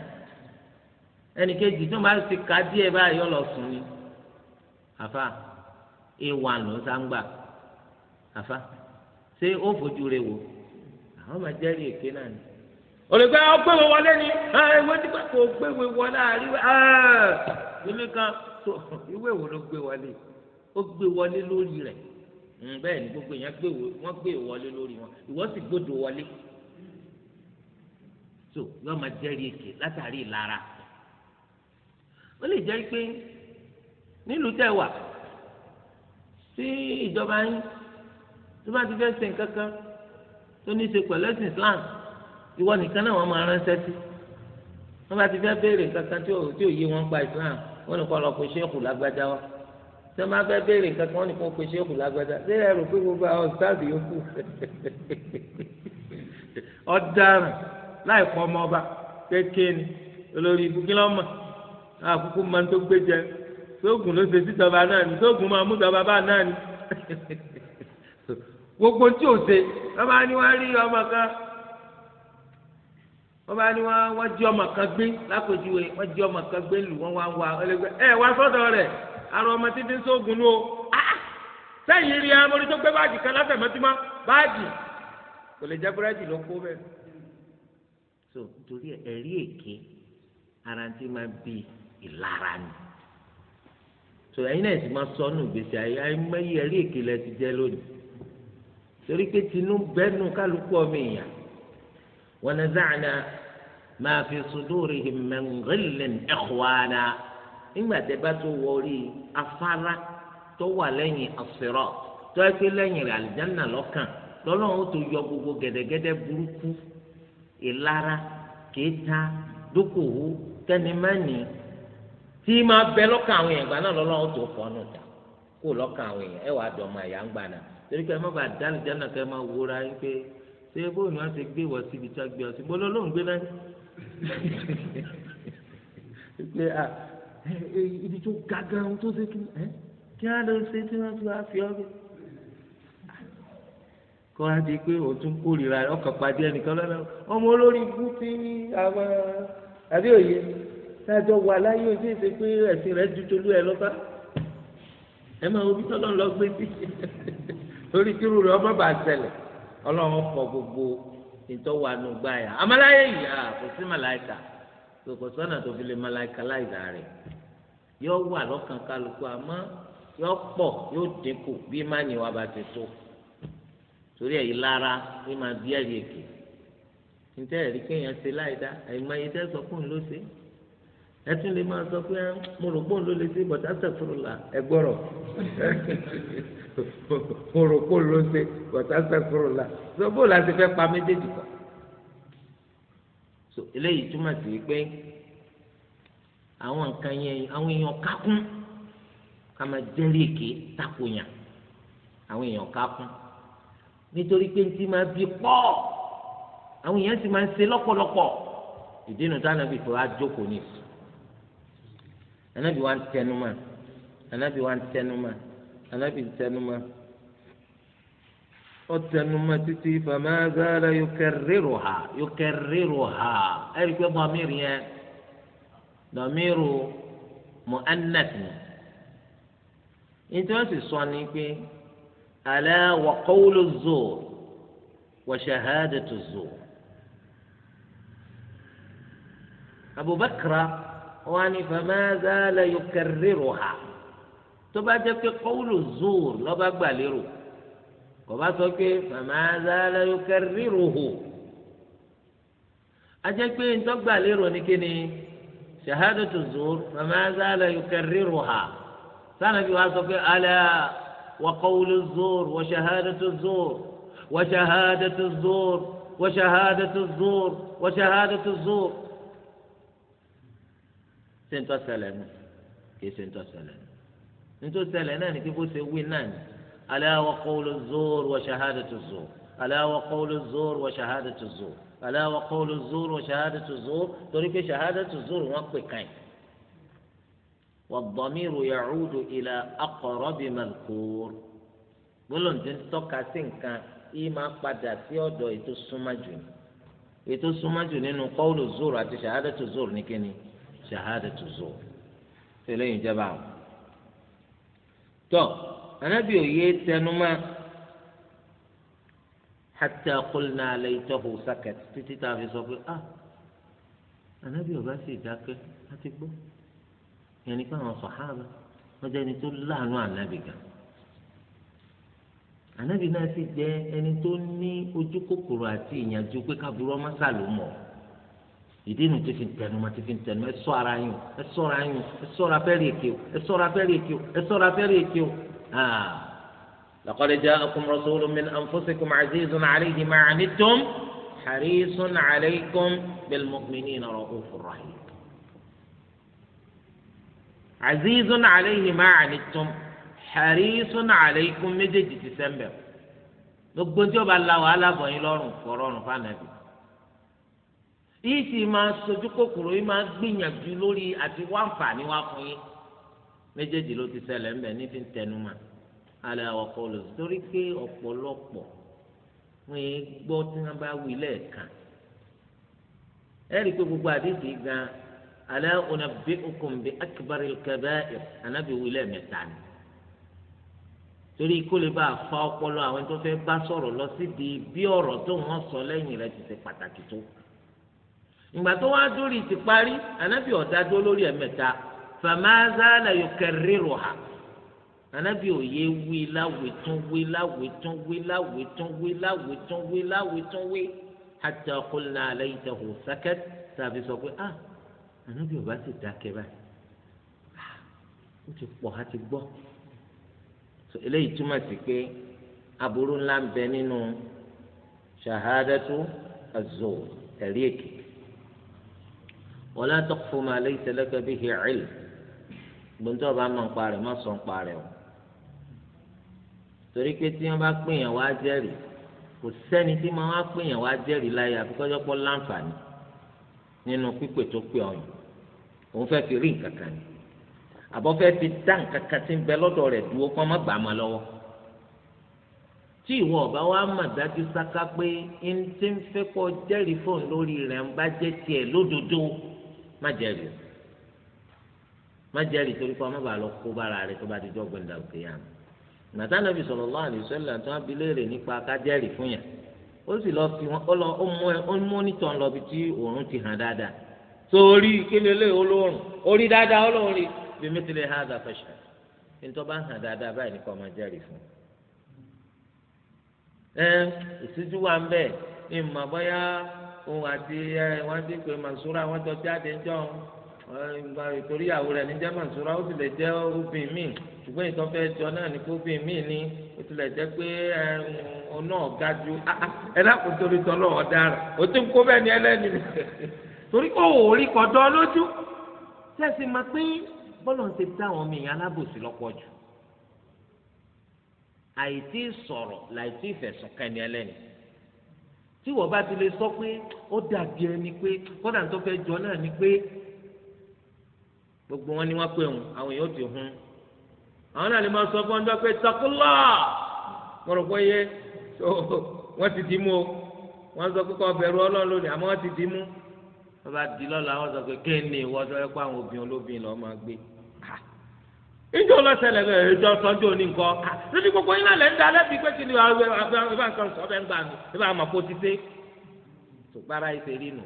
ẹnì kejì tó máa ti ka díẹ̀ báyìí ọlọ sùn ni àfa a one ló ń sá ń gbà àfa ṣé ó fojú rẹ wò àwọn máa jẹ́rìí èké náà ni olùgbé ọgbẹ́wò wọlé ni ah, ìwé nígbà tó gbẹ́wò wọlé àríwá ẹ̀ẹ́dẹ́gbẹ́kan tó ìwé wo ló gbé wọlé ó gbé wọlé lórí rẹ̀. Mm, bẹ́ẹ̀ ni gbogbo èèyàn gbé wọ́n gbé wọlé lórí wọn ìwọ sì gbọ́dọ̀ wọlé so yọọ máa jẹ́rìí èké látàrí ìlara ó lè jẹ́ pé nílùú tẹ́ wà tí ìjọba yín tó bá ti fẹ́ ṣe nǹkan kan tó ní í ṣe pẹ̀lú ẹ̀sìn Islam ìwọ nìkan náà wọ́n máa ránṣẹ́ sí wọ́n bá ti fẹ́ béèrè nǹkan kan tí ò yé wọn pa Islam wọ́n ní kọ́ lọ kó ṣéèkù lágbájá wa tí wọn bá fẹ́ béèrè nǹkan tí wọn ní kó pe ṣéèkù lágbádá ṣé ẹ rò pé gbogbo àwọn ọ̀sáàdì yòókù *laughs* ọ̀daràn láì pọ̀ ọmọ ọba kékeré ni olórí ibùkún lọ́mọ àkókò máa ń tó gbé jẹ sóògùn ló ṣe síjọba náà ni sóògùn máa mú ìjọba bá náà ni *laughs* gbogbo tí ò ṣe wọn bá ní wọn rí ọmọ kan wọ́n bá ní wọ́n jí ọmọ kan gbé lápèjúwe wọ́n jí ọmọ kan gbé lù wọ́n wá wá ẹ wá sọ́dọ̀ rẹ̀ àrò ọmọ títí ń sóògùn nù o ah, ah. sẹ́yìn rí ẹ mo ní tó gbé báàgì kan láfẹ̀mọ́tìmọ́ báàgì kò lè jẹ́ búrẹ́dì ló kó bẹ́ẹ̀. so nítorí ẹ̀rí èké ara ti máa bi ìlara ni so ẹ̀yin náà sì máa sọ ọ́nù gbèsè ayé ayé ẹ̀rí èké lẹ ti jẹ́ lónìí torí pé tinubu bẹ́ẹ̀nu kálukú ọmọ èèyàn wa naza'na ma fi sudurihim min ghillin ikhwana. nígbà tẹ bá tó wọrí afárá tó wà lẹ́yìn efe tó ẹ lẹ́yìn àlìjáná lọ́kàn lọ́lọ́run ó tó yọ gbogbo gẹ́dẹ́gẹ́dẹ́ burúkú ìlara kéta dókòwò tẹnimẹ́ni tí máa bẹ lọ́kàn àwọn èèyàn gbà náà lọ́lọ́run ó tó kó lọ́kàn àwọn èèyàn ẹ wàá ọmọ ẹ̀yà ń gbà náà torí pé ẹ má bàa dá àlìjáná wúra yín pé ṣé ti gbé síbi tí gbé *laughs* Eh, ibi tó ga gan ohun tó ṣe kí ẹ eh? kí wọn lọ ṣe tí wọn fi wá fi ọ bẹ. kọ́ á di pé o tún kórìíra ọkàn pàdé ẹnìkan lọ́nà ọmọ olórí ikú tí àwọn àbí òye tájọ wà láyé ojú ìṣe pé ẹ̀sìn rẹ̀ ju tolú ẹ lọ́ba ẹ máa wo bí tọ́lọ́ lọ gbé sí lórí *laughs* kírú rẹ̀ ọmọ bá ṣẹlẹ̀ ọlọ́run kọ gbogbo ìtọ́wà nù gbáyà àmàláyé yìí kò sí kò sọ́nà tó fi lè malaikalize rẹ̀ yọ wà lọ́kàn kálukú àmọ́ yọ pọ̀ yóò dínkù bí mánì wa bá ti tó torí ẹ̀yìn lára bí máa bí ẹ̀rí èké níta ẹ̀rí kéèyàn ṣe láìda àìmọ ẹ̀yìn tẹ́ sọ fún un ló ṣe ẹ tún lè máa sọ pé mo rò pé òun ló lè ṣe bọ̀dá sẹ̀fúrúlà ẹ gbọ́rọ̀ *laughs* mo rò pé òun ló ṣe bọ̀dá sẹ̀fúrúlà sọ bó la ti fẹ́ pa méjèèjì kan so eléyìí túmọ̀ sí pé àwọn nǹkan yẹn àwọn èèyàn kákún ká máa jẹ́rìí èké takoyàn àwọn èèyàn kákún nítorí pé ntí máa bí pọ̀ àwọn èèyàn sì máa ń ṣe lọ́pọ̀lọpọ̀ ìdínú dáná bíi fún wa jókòó ní anábì wa ń tẹnu mọ́ anábì wa ń tẹnu mọ́ anábì ń tẹnu mọ́ وتنمى تتي فما زال يكررها يكررها أي في ضمير يا ضمير مؤنث انت في صانيك ألا وقول الزور وشهادة الزور أبو بكر واني فما زال يكررها تبقى في قول الزور لا بقى kọba sọ pé fàmáza lẹ́yìn kẹrìírò hù ajẹ́ pé ntọ́gbà lérò ní kíni shahadatu zuur fàmáza lẹ́yìn kẹrìírò hà sànàbí wàá sọ pé alẹ́ wàkọ́wùlù zuur wà shahadatu zuur wà shahadatu zuur wà shahadatu zuur wà shahadatu zuur ṣé ntọ́ nù kí ṣe ntọ́ nù ntọ́ ṣẹlẹ̀ náà ni kí bó wí náà ألا وقول الزور وشهادة الزور ألا وقول الزور وشهادة الزور ألا وقول الزور وشهادة الزور تريك شهادة الزور وقفكين والضمير يعود إلى أقرب مذكور gbólóhùn tí ń tọ́ka sí nǹkan yìí máa padà sí ọ̀dọ̀ ètò súnmájù ètò súnmájù nínú kọ́ọ̀lù zoro àti ṣahadatu zoro ní kíni ṣahadatu zoro tẹ́lẹ̀ yìí jẹ́ báwọn. tọ́ anabi òye tẹnumá hàtà kúlnà alaytahu sakat títí tá a fi sọ pé a ah, anabi ọba sì dákẹ́ láti gbọ́ yẹnni pé àwọn sàhábà wọn jẹ́ ẹni tó láàánú anabi gan anabi náà sì jẹ́ ẹni tó ní ojú kòkòrò àti ìyànjú pé kábúrò ọmọ sàlùmọ ìdí inú tó fi ń tẹnu fi ń tẹnu ẹ ṣọ́ra yín ẹ ṣọ́ra yín ẹ ṣọ́ra fẹ́rẹ̀ èké o ẹ ṣọ́ra fẹ́rẹ̀ èké لقد جاءكم رسول من أنفسكم عزيز عليه ما عنتم حريص عليكم بالمؤمنين رؤوف رحيم عزيز عليه ما عنتم حريص عليكم méjèèjì ti sẹ́ńbẹ̀ gbogbo tí o bá la wàhálà bọ̀ yín lọ́rùn fọ́rọ́rùn fànàbì yìí sì máa sojú kòkòrò yìí máa gbìyànjú lórí àti wá àǹfààní wá fún yín méjèèjì ló ti ṣẹlẹ̀ ńbẹ ní fi ń tẹnumọ́ alẹ́ ọ̀pọ̀ lò torí pé ọ̀pọ̀lọpọ̀ wọ́n yẹn gbọ́ tí wọ́n bá wí lẹ́ẹ̀kan ẹ̀rí pé gbogbo àdìsí gan alẹ́ onabẹ́ okùnbẹ akibari kẹbẹ́ anabi wí lẹ́ẹ̀mẹ́ta ni torí kó lè bá a fa ọpọlọ àwọn tó fẹ́ bá sọ̀rọ̀ lọ síbi bí ọ̀rọ̀ tó wọ́n sọ lẹ́yìn rẹ̀ ti ṣe pàtàkì tó ìgbà tó wá dórí ti parí anabi ọ̀dá lórí ẹ̀mẹ́ta fàmáàzàlà yòókèrèrò ha anabi òye wí láwùtún wí láwùtún wí láwùtún wí láwùtún wí láwùtún wí hàtà kúlnà àlẹyìntàhù sákẹt tàbí sọ pé ah anabi ò bá sì dákẹ́ báyìí ah, ó ti pọ̀ á ti gbọ́ eléyìí túmọ̀ sí pé aburú ńlá ń bẹ nínú shahadatu az-zur ẹ̀rí èkìtì wala taqfu ma laysa laka bihi ilm gbọ́ntọ́ ọba mọ̀ nípa rẹ̀ má sọ nípa rẹ̀ o torí pé tí wọ́n bá pè yàn wá jẹ́rìí kò sẹ́ni tí wọ́n wá pè yàn wá jẹ́rìí láyé àfikọ́jọ́ pọ̀ láǹfààní nínú pípè tó pè ọ̀yàn òun fẹ́ fi rí nǹkan kan ni àbọ̀ fẹ́ fi dá nǹkan kan tí ń bẹ lọ́dọ̀ rẹ̀ dúró kọ́ má gbà á má lọ́wọ́ tí ìwọ ọba wa mà dájú sáká pé ń tí ń fẹ́ kọ́ jẹ́rìí fóun lórí rẹ̀ ń bá jẹ́ tiẹ̀ lódodo má jẹ́rìí o má jẹ́rìí torí pé ọmọ bàá lọ kó bára rẹ̀ tó bá ti jọ́ gbẹ̀ndà òkè yá mi. nàtà nàbì sallallahu alaihi wasallam tó wọn bi léèrè nípa ká jẹ́rìí fún yàn ó sì lọ fi wọn lọ ó mú onítàn lọ bi tí òórùn ti hàn dáadáa torí kílẹ̀ lé olóòrùn orí dáadáa olóòrùn rí bí mithli hadha fashhad nítorí bá hàn dáadáa báyìí nípa ọmọ jẹ́rìí fún. ìṣíjú wa ń bẹ ìmọ̀ bọ́yá òun àti wọ́n ti pè torí ìyàwó rẹ̀ ní jẹ́ Mansura ó tilẹ̀ jẹ́ obìn míì ṣùgbọ́n ìtọ́ fẹ́ jọ náà ní kó obìn míì ní ó tilẹ̀ jẹ́ pé ọ̀nà ọ̀gá ju ah, ah, ẹ dákun torí tọ́lọ́ ọ̀daràn ó ti ń kó bẹ́ẹ̀ ni ẹlẹ́ni *laughs* torí kó o rí kọ̀dọ́ lójú tẹ̀sí ma pé bọ́lọ̀ ń ti dá àwọn ọmọ èèyàn alábòsí lọ́pọ̀ jù àìtí sọ̀rọ̀ làìtí ìfẹ̀sùn kẹ́ni ẹlẹ́ni tí wọ́n bá ti lè sọ pé ó dàbí ẹni pé kọ́dà tó fẹ́ jọ náà ni pé gbogbo wọn ni wọn pè wọn àwọn èèyàn ti hun àwọn náà lè máa sọ fún ọjọ́ pé sọkúlọ mo rò pé yé so wọn ti dì mú o wọn sọ pé kọ bẹ̀rù Ọlọ́run lónìí àmọ́ wọn ti dì mú wọn bá di lọ́la wọn sọ pé kéènì ìwọsọ ẹ pé àwọn obìnrin olóbìnrin lọ máa gbé ìjọ ọlọsẹlẹ bẹ́ẹ̀ ìjọ sọjọ òní nǹkan lórí gbogbo yín náà lẹ ń da alẹ́ bíi pé kí ni ìbá nǹkan sọ bẹ́ẹ̀ ń gbà mí ìbá àmọ́ kó ti dé. tùpárá ìṣèlú nù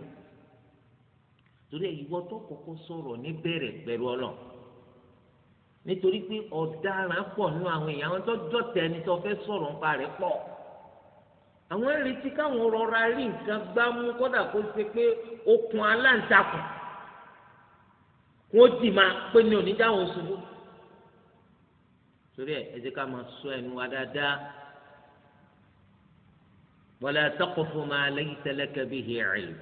torí ìwọ tó kọ́kọ́ sọ̀rọ̀ ní bẹ̀rẹ̀ pẹ̀lú ọlọ nítorí pé ọ̀daràn pọ̀ nínú àwọn èèyàn àwọn tó dọ̀tẹ̀ ẹni tó fẹ́ sọ̀rọ̀ nípa rẹ̀ pọ̀ àwọn ń retí káwọn rọra rí nǹkan gbámú kódà kó ṣe pé okùn aláǹtakùn wọn dì máa pé ní onídàáwọn ṣubú torí ẹ ẹ jẹ́ ká máa sọ ẹnu wa dáadáa wala taqfu ma laysa laka bihi ilm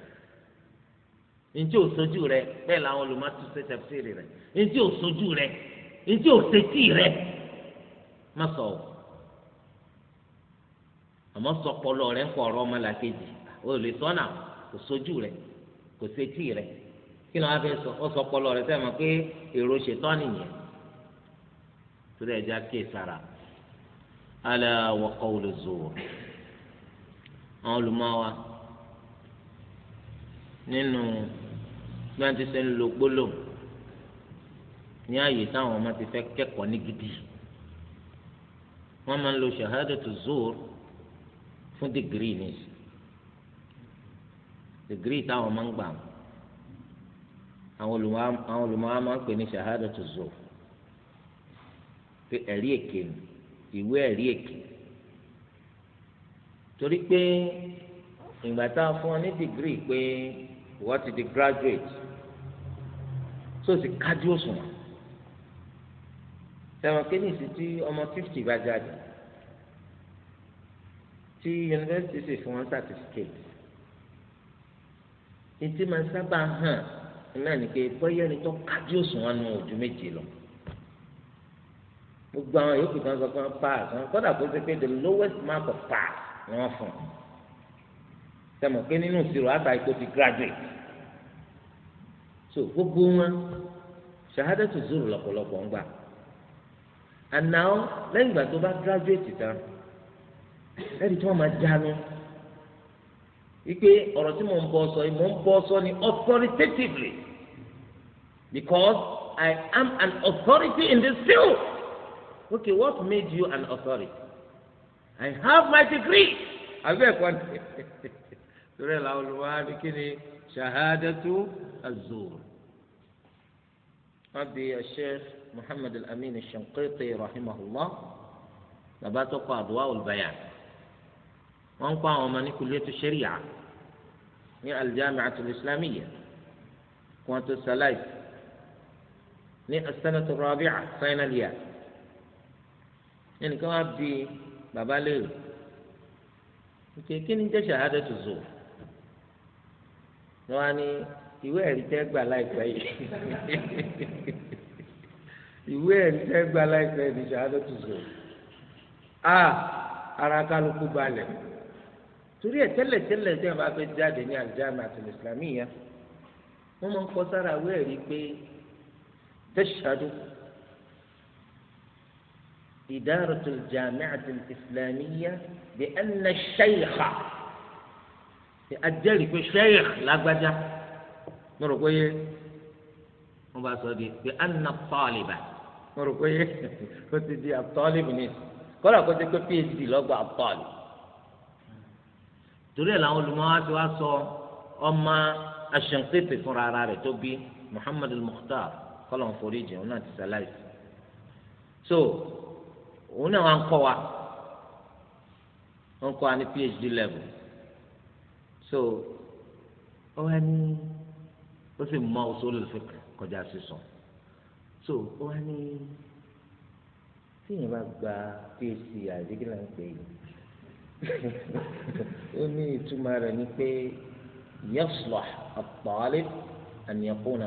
ntí ò sojú rẹ bẹ́ẹ̀ làwọn olùmọ̀tò ṣe tẹ̀síìrì rẹ ntí ò sojú rẹ ntí ò setí rẹ má sọ o àmọ́ sọpọlọ rẹ ń kọ ọ̀rọ̀ ọmọlàkejì o lè sọ́nà kò sojú rẹ kò setí rẹ kí ni wọ́n á fẹ́ sọ ọ sọpọlọ rẹ sẹ́yìn mọ́ pé èrò ṣetán nìyẹn torí ẹja ké sara ala wa qawlu zuur àwọn olùmọ̀ wa nínú. No bí wọ́n ti ṣe ń lo gbólóhùn ní ààyè táwọn ọmọ ti fẹ́ kẹ́kọ̀ọ́ ní gidi wọ́n máa ń lo shahadatu zuur fún dìgírì ní dìgírì táwọn máa ń gbà wọ́n àwọn olùmọ̀ọ́ máa ń pè ní shahadatu zuur pé ẹ̀rí èké ni ìwé ẹ̀rí èké torí pé ìgbà tá fún ọ ní dìgírì pé wọ́n ti di graduate tó sì kájú òṣùwọ̀n sẹ́wọ̀n kéníìsì tí ọmọ fífìtì bá jáde tí yunifásitì sì fún wọn sàtífíkèétì ètí máa sábà hàn náà ní pé bóyá ẹni tó kájú òṣùwọ̀n nu ojú méje lọ gbogbo àwọn yòókù kan sọ pé wọn pass wọn kódà kó ṣe pé the lowest mark of pass ni wọn fún un sẹ́wọ̀n pé nínú ìṣirò àtàkùn ti graduate so gbogbo wọn ṣahadatu zuru lọ́pọ̀lọpọ̀ ń gbà and now lẹ́yìn ìgbà tó bá graduate tán ẹni tí wọ́n máa jánu wípé ọ̀rọ̀ tí mò ń bọ́ sọ yìí mò ń bọ́ sọ ni authoritatively because I am an authority in this field okay what made you an authority I have my degree àbí ẹ̀kọ́ ni torí ẹ̀ làwọn olùwárí kí شهادة الزور أبي الشيخ محمد الأمين الشنقيطي رحمه الله نبات أضواء البيان وأنقى ومن كلية الشريعة هي الجامعة الإسلامية كنت ني السنة الرابعة سين الياء يعني كما أبدي بابا ليل كي كي شهادة الزور wọn á ní ìwé ẹ̀rí tẹ́ gbà láìpẹ́ yìí ìwé ẹ̀rí tẹ́ gbà láìpẹ́ yìí ṣáà ló tó zò a ara kálukú balẹ̀ torí ẹ̀ tẹlẹ tí wọ́n bá fẹ́ jáde ní aljami àti ìsìlámì yẹn wọ́n máa ń kọ́ sára ìwé ẹ̀rí pé tẹ́sàdó àti jami'atul yẹn bi anna ha. ajẹ́rìí pé sheikh lágbájá mo rò pé yé mo bá sọ di pé anna tọ́ọ̀lìbà mo rò pé yé o ti di àtọ́ọ̀lìbì ni kọ́lá kó ti pé phd lọ́gbà àtọ́ọ̀lì torí ẹ̀ làwọn olùmọ̀wá ti wá sọ ọmọ aṣàǹkété fúnra ara rẹ̀ tó bí muhammad al-mukhtar kọ́lọ̀ ń forí jẹun sàlàyé so òun náà wà ń kọ́ wa wọ́n kọ́ wa ní phd level so ó wá ní ó sì mọ òṣòlù fìkà kọjá sísun so ó wá ní tíyẹn bá gba phd àdégélà ń pè yìí *laughs* ó ní ìtumọ̀ rẹ̀ ni pé yaslah at-talib an yakuna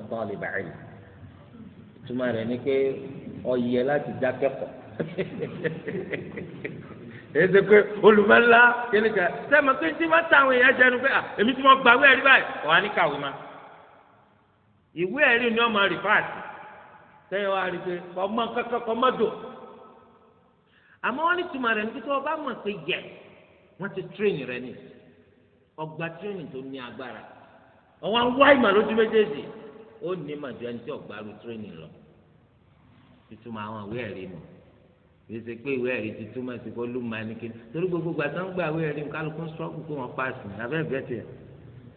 ìtumọ̀ rẹ̀ ni pé ó láti dákẹ́kọ̀ọ́. *laughs* èsè pé olùmọ̀lá kíni kẹ sẹ́mi pé tí wọ́n tàwọn èèyàn jẹnu pé ah, èmi tí wọ́n gba ìwé ẹ̀rí báyìí ọ̀hán ní kàwé ma ìwé ẹ̀rí ni ọmọ rìfáàsì sẹ́yìn wá rí pé ọmọ kankan kọ́ mọ́ dò àmọ́ wọ́n ní tùmọ̀ rẹ̀ níbi tí wọ́n bá mọ̀ pé yẹ wọ́n ti tírèènì rẹ̀ ni ọgbà tírèènì tó ní agbára ọwọ́n ń wá ìmọ̀ lójú méjèèjì ó ní màdùn ẹni tí ọ̀gbà lu tírèènì lọ ìtumọ̀ àwọn ìwé ẹ̀rí nù gbèsè pé ìwé ẹ̀rí ti túmọ̀ sí kó lù máa ní kí torí gbogbo ìgbà tó ń gba ìwé ẹ̀rí kálukú ń sọ́ọ̀kù pé wọ́n paasi ní abẹ́ ìbẹ́ tiẹ̀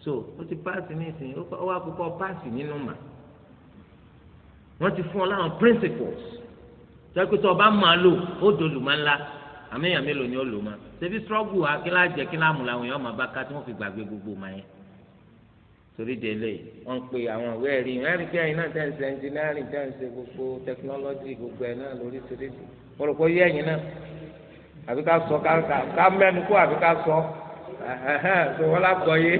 so ó ti paasi ní ìsìn ó wá kókó paasi nínú mà wọ́n ti fún ọ láwọn principles tẹ́kítọ́ ọba máa lò ó dolùmọ́ ńlá àmì èèyàn mélòó ni ó lò má ṣebí sọ́ọ̀kù akínlá jẹ́ kí láàmú làwọn èèyàn máa bá ká tí wọ́n fi gbàgbé gbogbo mà yẹn torí délé wọ́n pe àwọn ìwé ẹ̀rí ìwé ẹ̀rí kí ẹ̀yin náà tẹ̀ ń ṣe engineering tẹ̀ ń ṣe gbogbo technology gbogbo ẹ̀ náà lóríṣiríṣi mo rò pé yé ẹ̀yin náà àbí ká sọ ká mẹ́nu kó àbí ká sọ ṣe wọ́n lágbọ́ yé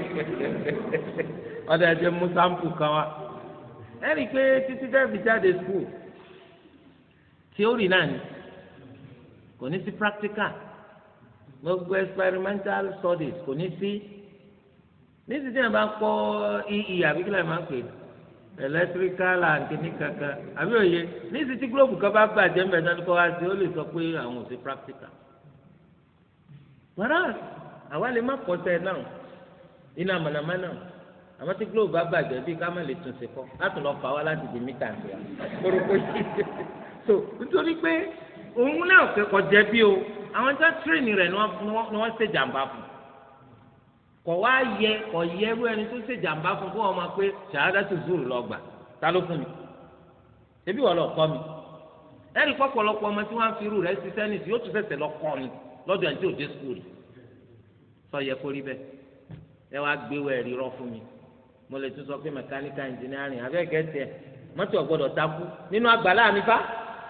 ọ̀dọ̀ ẹ̀jẹ̀ mú sáǹpù kan wá ẹ̀rí pé títí dẹ́bi jáde skul tíórì náà ni kò ní sí practical gbogbo experimental studies kò ní sí ní títí náà bá kọ́ ii e e àbí kílẹ̀ máa pè é electrical and kìíní kankan àbí òye ní ìsìtí gúlóòbù kan bá bàjẹ́ mbẹ́ náà kó wá sí ó lè sọ pé àwọn ò sí practical. whereas àwa lè má kọ́sẹ̀ náà iná mànàmáná àmọ́ tí gúlóòbù bá bàjẹ́ bí ká má lè tún ṣe kọ́ láti lọ fà wá láti di mítà ní ìyá kórópó yìí. so nítorí pé òun náà kẹ́kọ̀ọ́ jẹ́ bí o àwọn tó tírìnì rẹ̀ ni wọ́n ṣe jàǹbá fún kọ̀ wá yẹ kọ̀ yẹ irú ẹni tó ṣe jàǹbá fún fún ọmọ pé ṣàádá tó zúrù lọ ta ló fún mi Ebi wọ́n lọ kọ́ mi ẹ̀rí pọ̀pọ̀lọpọ̀ ọmọ tí wọ́n fi irú rẹ̀ ṣiṣẹ́ nìsí yóò tún ṣẹ̀ṣẹ̀ lọ kọ́ ni lọ́dọ̀ ẹni tí ò dé skul sọ yẹ kó rí bẹ́ẹ̀ ẹ wá gbé wẹ̀ rí rọ́ fún mi mo lè tún sọ pé mẹkáníkà ìnjìnírìn abẹ́gẹ́ tiẹ̀ mọ́tò ọ̀gbọ́dọ̀ takú nínú àgbàlá mi fá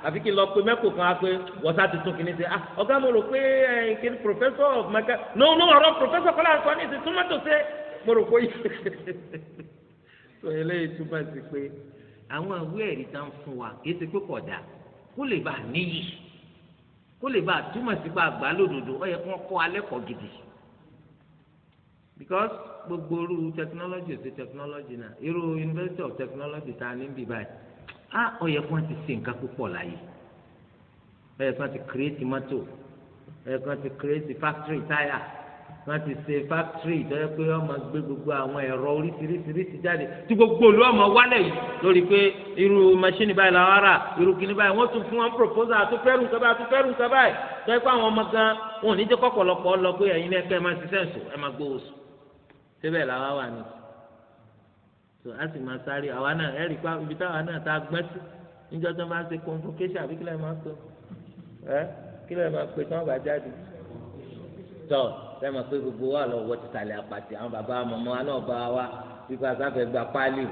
àfi kí n lọ pé mẹ́kò kan á pé wọ́sá ti tún kìíní ṣe ah ọ̀gá mo rò pé ẹ̀yìn kìíní professor of mẹ́kà no no ọ̀rọ̀ professor kọ́lá sọ ní ìsìn túmọ̀tò ṣe mo rò pé tó eléyìí túmọ̀ sí pé àwọn ìwé ẹ̀rí tá ń fún wa kì í ṣe pé kò dà kó lè bá a níyì kó lè bá a túmọ̀ sí pé àgbà lódodo ó yẹ kó wọ́n kọ́ alẹ́ kọ́ gidi because gbogbo irú technology ṣe technology náà irú university of technology ta ní bíbáyìí á ah, ọyẹ kí wọ́n ti ṣe nǹkan púpọ̀ láàyè ọyẹ kí wọ́n ti kírètì mọ́tò ọyẹ kí wọ́n ti kírètì fáktírì táyà wọ́n ti ṣe fáktírì tọ́yẹ pé wọ́n máa gbé gbogbo àwọn ẹ̀rọ oríṣiríṣiríṣi jáde tí gbogbo olú ọmọ wálẹ̀ yìí lórí pé irú mẹṣíìnì báyìí làwọn ará irú kìnnì báyìí wọ́n tún fún wọn proposal àtúfẹ́rù nǹkan báyìí àtúfẹ́rù nǹkan báyìí tọ́yẹ pé àwọn ọmọ gan wọn ò ní jẹ́ kọ́pọ̀lọpọ̀ lọ pé ẹ̀yin ẹ̀kẹ́ máa ṣiṣẹ́ sùn ẹ so a sì máa sáré àwa náà ẹ rí i pa ibi táwa náà tá a gbẹ́ sí níjọ́ tó máa ń ṣe convocation àbí kílẹ̀ máa ń pè ẹ kílẹ̀ máa pè tí wọ́n bá jáde tọ́ ẹ máa pé gbogbo wa lọ wọ títàlẹ̀ àpàtì àwọn bàbá mọ̀mọ́ wa náà bá wa wípé asáfẹ́ gba páálí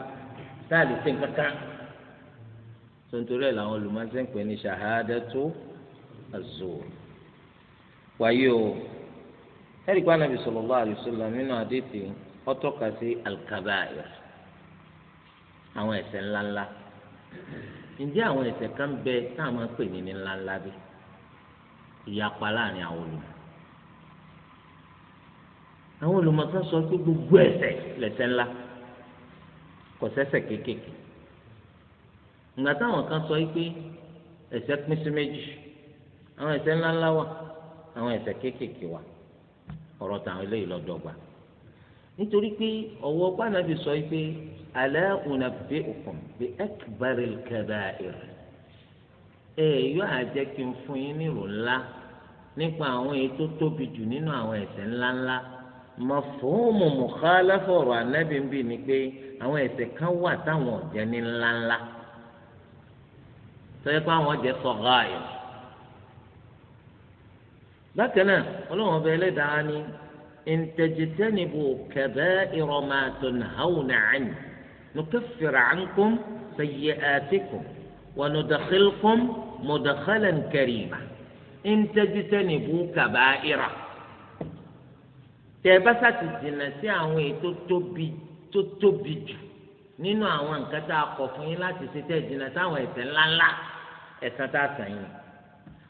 táà lè ṣe kankan ẹ̀ làwọn olùmọ̀ọ́sẹ́ ń pè ní ṣàhádẹ́tò azur wàyí o ẹ̀rí pa Ànábì sallallahu alaihi wasallam nínú àdéhìí ó tọ́ka sí al-kabā'ir àwọn ẹ̀ṣẹ̀ ńláńlá ǹjẹ́ àwọn ẹ̀ṣẹ̀ kan bẹ tá a máa pè ní ní ńláńlá bí ìyapa láàrin àwọn olùmọ̀ àwọn olùmọ̀ kan sọ pé gbogbo ẹ̀ṣẹ̀ lẹ̀ṣẹ̀ ńlá kò sẹ́ṣẹ̀ kéékèèké ìgbà táwọn kan sọ pé ẹ̀ṣẹ̀ pín sí méjì àwọn ẹ̀ṣẹ̀ ńláńlá wà àwọn ẹ̀ṣẹ̀ kéékèèké wà ọ̀rọ̀ tàwọn eléyìí lọ dọ́gba nítorí pé ọwọ pàdánù sọ pé ألا أنبئكم بأكبر الكبائر èèyàn àjẹ kí n fún yín nírò ńlá nípa àwọn èyí tó tóbi jù nínú àwọn ẹ̀ṣẹ̀ ńláńlá mọfóòmù mùkálàfọ ọ̀rọ̀ anábì ń bì ní pé àwọn ẹ̀ṣẹ̀ kan wà táwọn ọjẹ ní ńláńlá sọyẹ pé àwọn ọjẹ sọgá ayọ bákan náà Ọlọ́run ọba ẹlẹ́dàá ni ntẹ̀jẹ̀tẹ́nìbò kẹbẹ́ ìrọ̀mà tó nàáwò nàá نكفر عنكم سيئاتكم وندخلكم مدخلا كريما إن تجتنبوا كبائر tẹ̀básà ti dìnnà sí àwọn ètò tóbi tó tóbi jù nínú àwọn nǹkan tá a kọ̀ fún yín láti ṣe tẹ̀ dìnnà sáwọn ẹ̀ṣẹ̀ ńláńlá ẹ̀san tá a sàn yín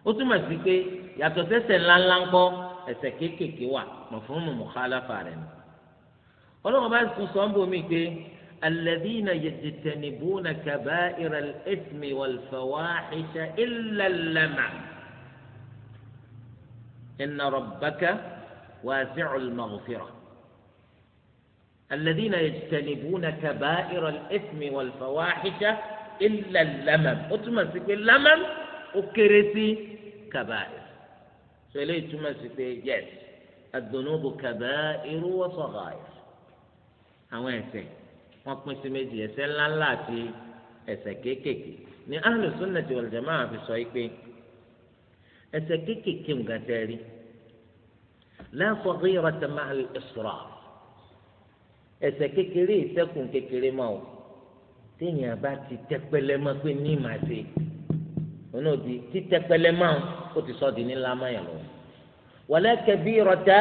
ó túmọ̀ sí pé yàtọ̀ sẹ́ṣẹ̀ ńláńlá ń kọ́ ẹ̀ṣẹ̀ kéékèèké wà mọ̀ fún mọ̀mọ́ kálá fà rẹ̀ ni ọlọ́run bá tún sọ ń bomi pé الذين يجتنبون كبائر الإثم والفواحش إلا اللمع إن ربك واسع المغفرة الذين يجتنبون كبائر الإثم والفواحش إلا اللمم أتمسك اللمم أكرتي كبائر فليت تمسك الذنوب كبائر وصغائر أوين سيد wọ́n pín sí méjì ẹ̀ṣẹ̀ ńláńlá àti ẹ̀ṣẹ̀ kéékèèké ní ahlus sunnati wal jamaa fi sọ pé ẹ̀ṣẹ̀ kéékèèké ń gàtẹ rí la saghirata ma'al israf ẹ̀ṣẹ̀ kékeré ìṣẹ́kùn kékeré máa wò téèyàn bá ti tẹpẹlẹ mọ́ pé ní màá ṣe òun náà di títẹpẹlẹ mọ́ ó ti sọ di ní lámáyà lọ wala kabirata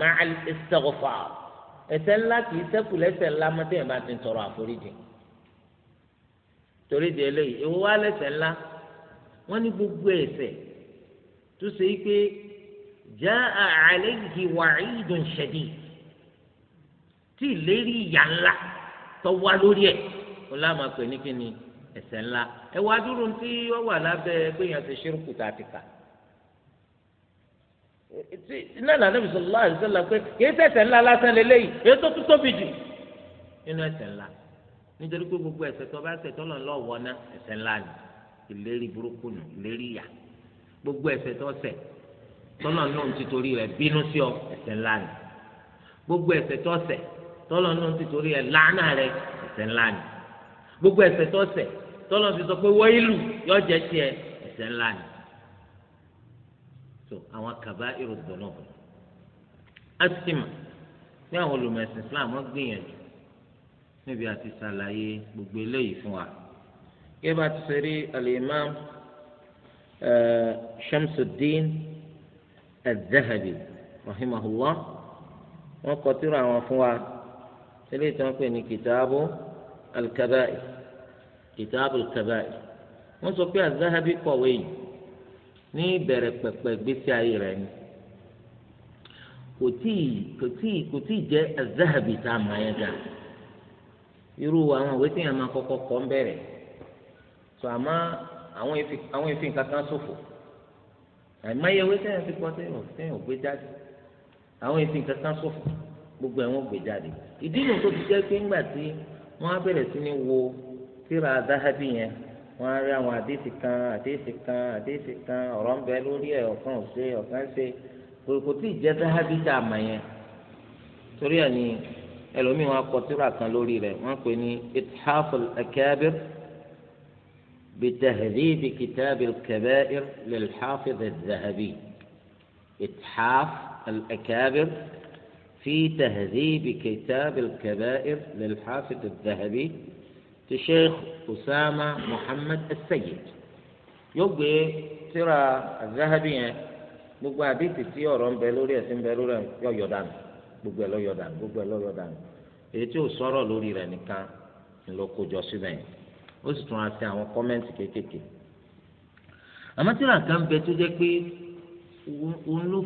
ma'al istighfar ẹ̀ṣẹ̀ ńlá kì í ṣẹ́kù lẹ́ṣẹ̀ ńlá mọ́ téèyàn bá ti ń tọrọ àforíjì torí di eléyìí èwo wá lẹ́ṣẹ̀ ńlá wọ́n ní gbogbo ẹ̀ṣẹ̀ tó ṣe é pé jaa alayhi wa'idun shadid tí ìlérí ìyà ńlá tó wá lórí ẹ̀ ó láàmà pè ní kíni ẹ̀ṣẹ̀ ńlá ẹ wá dúró tí ó wà lábẹ́ pé yẹn ti ṣírùkù tá a ti kà iná nàá nàbì sọlá àdìsọlá pé kì í ṣẹ̀ṣẹ̀ ńlá lásán lélẹyìí èyí tó tún tóbi jù nínú ẹ̀ṣẹ̀ ńlá nítorí pé gbogbo ẹ̀ṣẹ̀ tó bá ṣẹ̀ tọlọ ńlọ wọ ná ẹ̀ṣẹ̀ ńlá ni ìlérí burúkú nù ìlérí yà gbogbo ẹ̀ṣẹ̀ tó ṣẹ̀ tọlọ náà ti torí rẹ̀ bínú sí ọ ẹ̀ṣẹ̀ ńlá ni gbogbo ẹ̀ṣẹ̀ tó ṣẹ̀ tọlọ náà ti torí rẹ̀ lánà rẹ̀ ẹ̀ṣẹ̀ ńlá ni gbogbo ẹ̀ṣẹ̀ tó ṣẹ̀ tọlọ ti sọ pé wọ ìlú yọ jẹ tiẹ̀ ẹ̀ṣẹ̀ ńlá ni so àwọn kaba irú dùnú a sì mà pé àwọn olùmọ̀ẹ̀sìn Islam wọ́n gbìyànjú níbi àti ṣàlàyé gbogbo eléyìí fún wa gẹ́gẹ́ bá ti ṣe rí al-Imam eh, Shamsuddin al-Zahabi rahimahullah wọ́n kọ tírà àwọn fún wa eléyìí tí wọ́n pè ní kìtàbù al-Kaba'ir kìtàbù wọ́n sọ pé al-Zahabi kọ̀wé ní ìbẹ̀rẹ̀ pẹ̀pẹ̀ gbèsè ayé rẹ̀ ni kò tíì kò tíì kò tíì jẹ́ azahabi tá a máa yẹn dà irú àwọn ìwé tíyẹn máa kọ́kọ́ kọ́ ń bẹ̀rẹ̀ tó àmọ́ àwọn ìfi àwọn efi nǹkan kan ṣòfò kọ́ gbé jáde àwọn nǹkan kan gbogbo ẹ̀ wọ́n gbé jáde ìdí tó ti jẹ́ pé ńgbà tí wọ́n á bẹ̀rẹ̀ sí wo síra azahabi wọ́n á rí àwọn àdéhìsì kan àdéhìsì kan àdéhìsì kan ọ̀rọ̀ ń bẹ lórí ẹ̀ ọ̀kan ọ̀ṣẹ́ ọ̀kan ṣe kò tí ì jẹ́ sáhábítà àmà yẹn torí ẹ̀ ni ẹlòmíì wọn kọ tírà kan lórí rẹ̀ wọ́n pè ní ithaful akabir بتهذيب كتاب الكبائر للحافظ الذهبي إتحاف الأكابر في تهذيب كتاب الكبائر للحافظ الذهبي ti sheikh usama muhammad asayid yóò gbé azahabi gbogbo àdìtì tí ọrọ ń bẹ lórí ẹ̀sìn lori bẹ lórí yọ yọ dànù gbogbo lọ gbogbo lọ yọ dànù èyí tí ò sọrọ lórí rẹ̀ nìkan ńlọ kójọ síbẹ̀ yẹn ó sì tún àwọn kéékèèké kan bẹ tó pé òun ló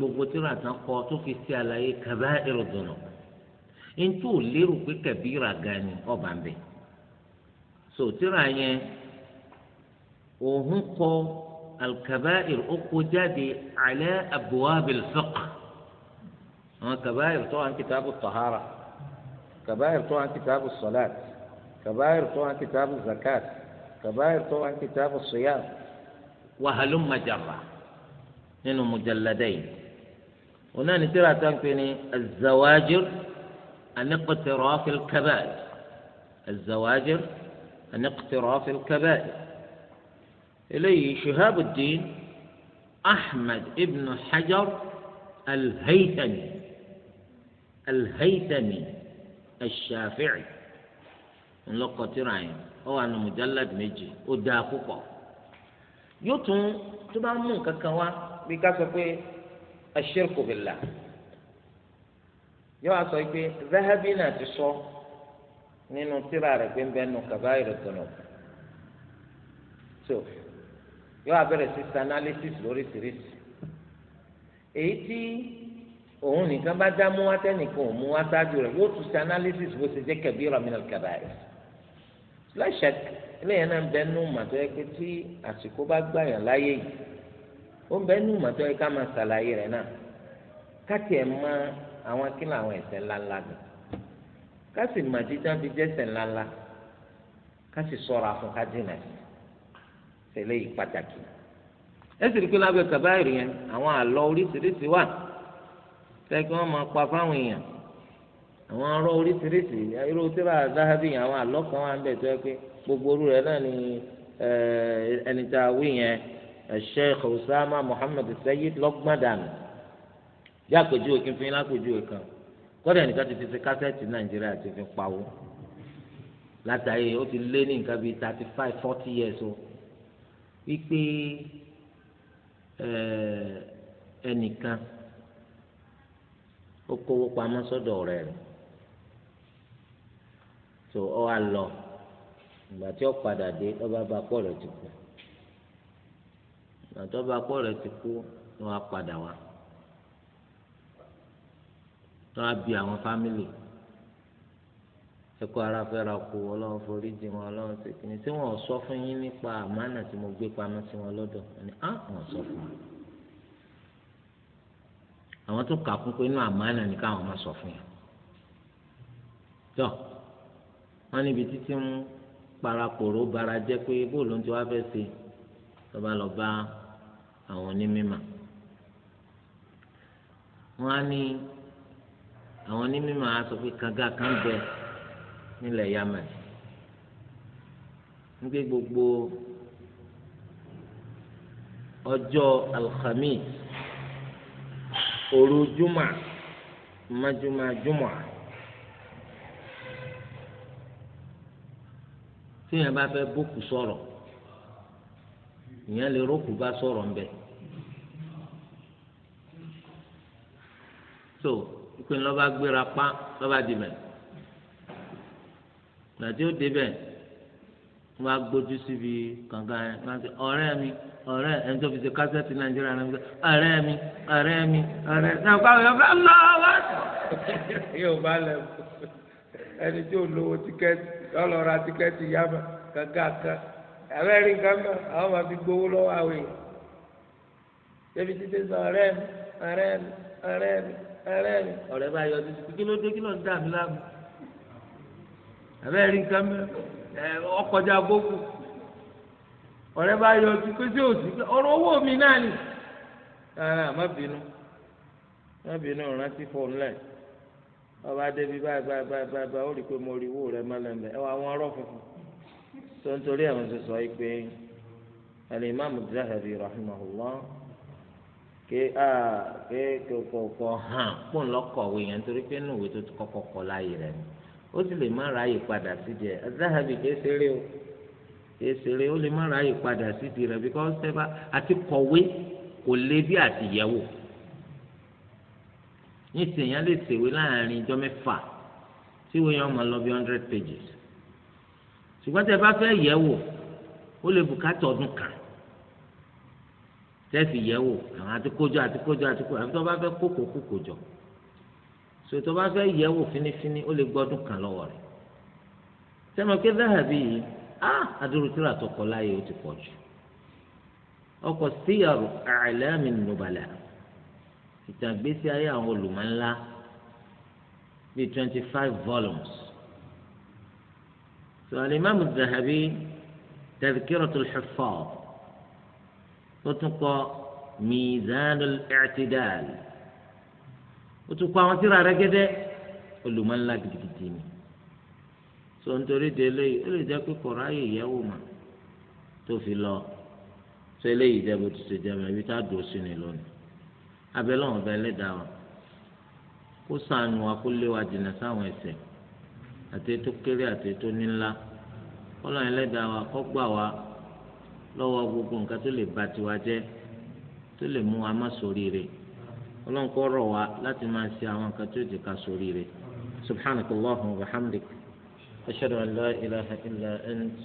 gbogbo kọ tó fi ṣe àlàyé kaba ntú ò lérò pé kẹbíra gan ni ọba ń bẹ sòtìrà yẹn òun kọ alkabair ó kó jáde ala abwabil fiqh àwọn kabair tó wà ní kitabu tahara kabair tó wà ní kitabu salat kabair tó wà ní kitabu zakat kabair tó wà ní kitabu siyam wa halumma jarra nínú mujalladayn onáni tíra tá ń pè ní azawajir. عن اقتراف الكبائر الزواجر عن اقتراف الكبائر إليه شهاب الدين أحمد ابن حجر الهيثمي الهيثمي الشافعي من لقة رعيم هو أنه مجلد مجي وداخوكو يطن تبع من كوا بكاسكو الشرك بالله yóò wá sọ pé zahabi náà ti sọ nínú tírà rẹ̀ pé ń bẹ nu kaba ìrẹsọ̀nà so yóò wá bẹ̀rẹ̀ sí sanalysis lóríṣiríṣi èyí tí òun nìkan bá dá mú wá tẹ́nìkan ò mú wá sáájú rẹ̀ yóò tún sanalysis bó ṣe jẹ́ kabira min al-kaba'ir láṣà eléyàn náà ń bẹ nú màtọ́ yẹ pé tí àsìkò bá gbàyàn láyé yìí ó ń bẹ nú màtọ́ yẹ ká máa ṣàlàyé rẹ̀ náà káàkiri ẹ̀ máa àwọn kí làwọn ẹ̀ṣẹ̀ ńláńlá ni ká sì mà jíjá fi jẹ́ṣẹ̀ ńláńlá ká sì sọ̀rọ̀ àfún ká dínà tẹ́lẹ̀ yìí pàtàkì ẹ sì rí pé lábẹ́ kàbáyìrì yẹn àwọn àlọ́ oríṣiríṣi wà tẹ́ kí wọ́n máa pa fáwọn èèyàn àwọn arọ oríṣiríṣi irú tíra dáhábì yẹn àwọn àlọ́ kan wà ń bẹ̀ tó yẹ pé gbogbo orú rẹ̀ náà ni ẹni tá a wí yẹn Sheikh Usama Muhammad Sayyid lọ́gbọ́n dànù bí àpèjúwe kí n fi yín lápèjúwe kan kọ́dà nìkan ti fi ṣe kásẹ̀tì nàìjíríà ti fi pawó látàrí ó ti lé ní nǹkan bíi thirty five forty years o wípé ẹnìkan ó kówó pamọ́ sọ́dọ̀ rẹ̀ tó ọ wá lọ ìgbà tí ó padà dé lọ́ba bá pọ̀ rẹ̀ ti kú ìgbà tó bá pọ̀ rẹ̀ ti kú ló wá padà wá. wọn á bi àwọn fámìlì ẹkọ ara fẹ́ ra kó ọlọ́run forí jì wọn ọlọ́run ṣe kìíní tí wọn sọ fún yín nípa àmánà tí mo gbé pamọ́ sí wọn lọ́dọ̀ ẹni á wọn sọ fún wọn àwọn tó kà fún pé inú àmánà ni káwọn má sọ fún yẹn tọ wọn níbi títí ń parapòrò bara jẹ́ pé bóòlù tí wàá fẹ́ ṣe lọba lọ bá àwọn onímọ̀ wọn á ní. Wani àwọn onímọ̀ á sọ pé kànga kan bẹ nílẹ̀ Yemen nígbè gbogbo ọjọ́ alhamis òru juma májúmá juma tíyẹn bá fẹ́ bókù sọ̀rọ̀ ìyẹn lè rókù bá sọ̀rọ̀ ńbẹ so pé lọ́ba gbéra pa lọ́ba dìbẹ̀ gbàtí ó débẹ̀ wọ́n á gbójú síbi kànga yẹn wọ́n á sọ ọ̀rẹ́ mi ọ̀rẹ́ ẹni tó fi ṣe kásẹ̀tì nàìjíríà náà fi ṣe ọ̀rẹ́ mi ọ̀rẹ́ mi ọ̀rẹ́ náà kọ́ àwọn ọ̀rẹ́ ńlá wá. yóò bá lẹ̀ ẹni tí ò lówó tíkẹ́ẹ̀tì lọ́lọ́ ra tíkẹ́ẹ̀tì yá mọ́ kankan kan abẹ́rẹ́ nǹkan àwọn máa fi gbowó lọ́wọ́ àwìn. débi títí sọ ọ̀rẹ́ mi ọ̀rẹ́ mi ọ̀rẹ́ mi ẹrẹ́ ni ọ̀rẹ́ bá yọ títí kí ló dé kí ló ń dà mí láàmú àbẹ́rẹ́ nǹkan mẹ́ ẹ ọkọjà gbókù ọ̀rẹ́ bá yọ títí pé sí òsì ọ̀rọ̀ owó mi náà ni rárá má bínú má bínú rántí fóònù lẹ̀ ọba débi báyìí báyìí báyìí báyìí báyìí ó rí i pé mo rí owó rẹ̀ má lẹ́nu ẹ wọ àwọn ọ̀rọ̀ funfun tó ń torí àwọn sọ sọ yìí pé alimami zahabi rahimahullah ké a ah, ké kọkọ hàn kó ń lọkọwé yẹn torí pé inú ìwé tó ti kọ́kọ́ kọ láàyè rẹ ni ó sì lè má ráàyè padà sídìí ẹ adáhàbì ké o ké ṣeré ó lè má ráàyè padà sídìí rẹ bíkọ́ sẹ́fà àti kọ̀wé kò lé bí àtìyẹ̀wò ní ìsèyàn lè ṣèwé láàrin ìjọ mẹ́fà tí ìwé yẹn máa lọ bí hundred pages ṣùgbọ́n tẹ́ bá fẹ́ yẹ̀wò ó lè bùkátà ọdún kan tẹ́ẹ̀fì yẹ̀ wò àwọn àti kójọ àti kójọ àti kójọ àbí tó bá fẹ́ kókò kókò jọ so tó bá fẹ́ yẹ̀ wò fínífíní ó lè gbọ́dún kan lọ́wọ́ rẹ̀ sẹ́mi pé dáhàbí yìí á adúrútúrà tọkọ láyé ó ti pọ̀ jù ọkọ̀ síyàrú àìlẹ́mì nùbàlà ìtàgbésí ayé àwọn olùmọ̀ńlá bíi twenty five volumes so alimami dahabi tazkiratul huffaz ó tún kọ mizanul i'tidal ó tún kọ àwọn tírà rẹ́gẹ́dẹ́ olùmọ̀nlá gidigidi ni so nítorí délé ó lè jẹ́ pé kọ̀ọ̀rọ̀ ayé ìyẹ́wò mà tó fi lọ so eléyìí jẹ́ bó ti ṣe jẹ́ mọ́ ibi tá a dùn sí ni lónìí abẹ́lẹ́wọ̀n bẹ́ẹ̀ lẹ́dàá wa kó sànù wa kó lé wa jìnnà sáwọn ẹ̀ṣẹ̀ àti ètò kéré àti ètò nílá kọ́lọ́ ẹlẹ́dàá wa kó gbà wá lọ́wọ́ gbogbo nǹkan tó lè ba tiwa jẹ́ tó lè mú wa má ṣoríire ọlọ́run kó rọ̀ wá láti máa ṣe àwọn nǹkan tó jẹ́ ká ṣoríire subhanaka allahumma wa bihamdik ashhadu an la ilaha illa ant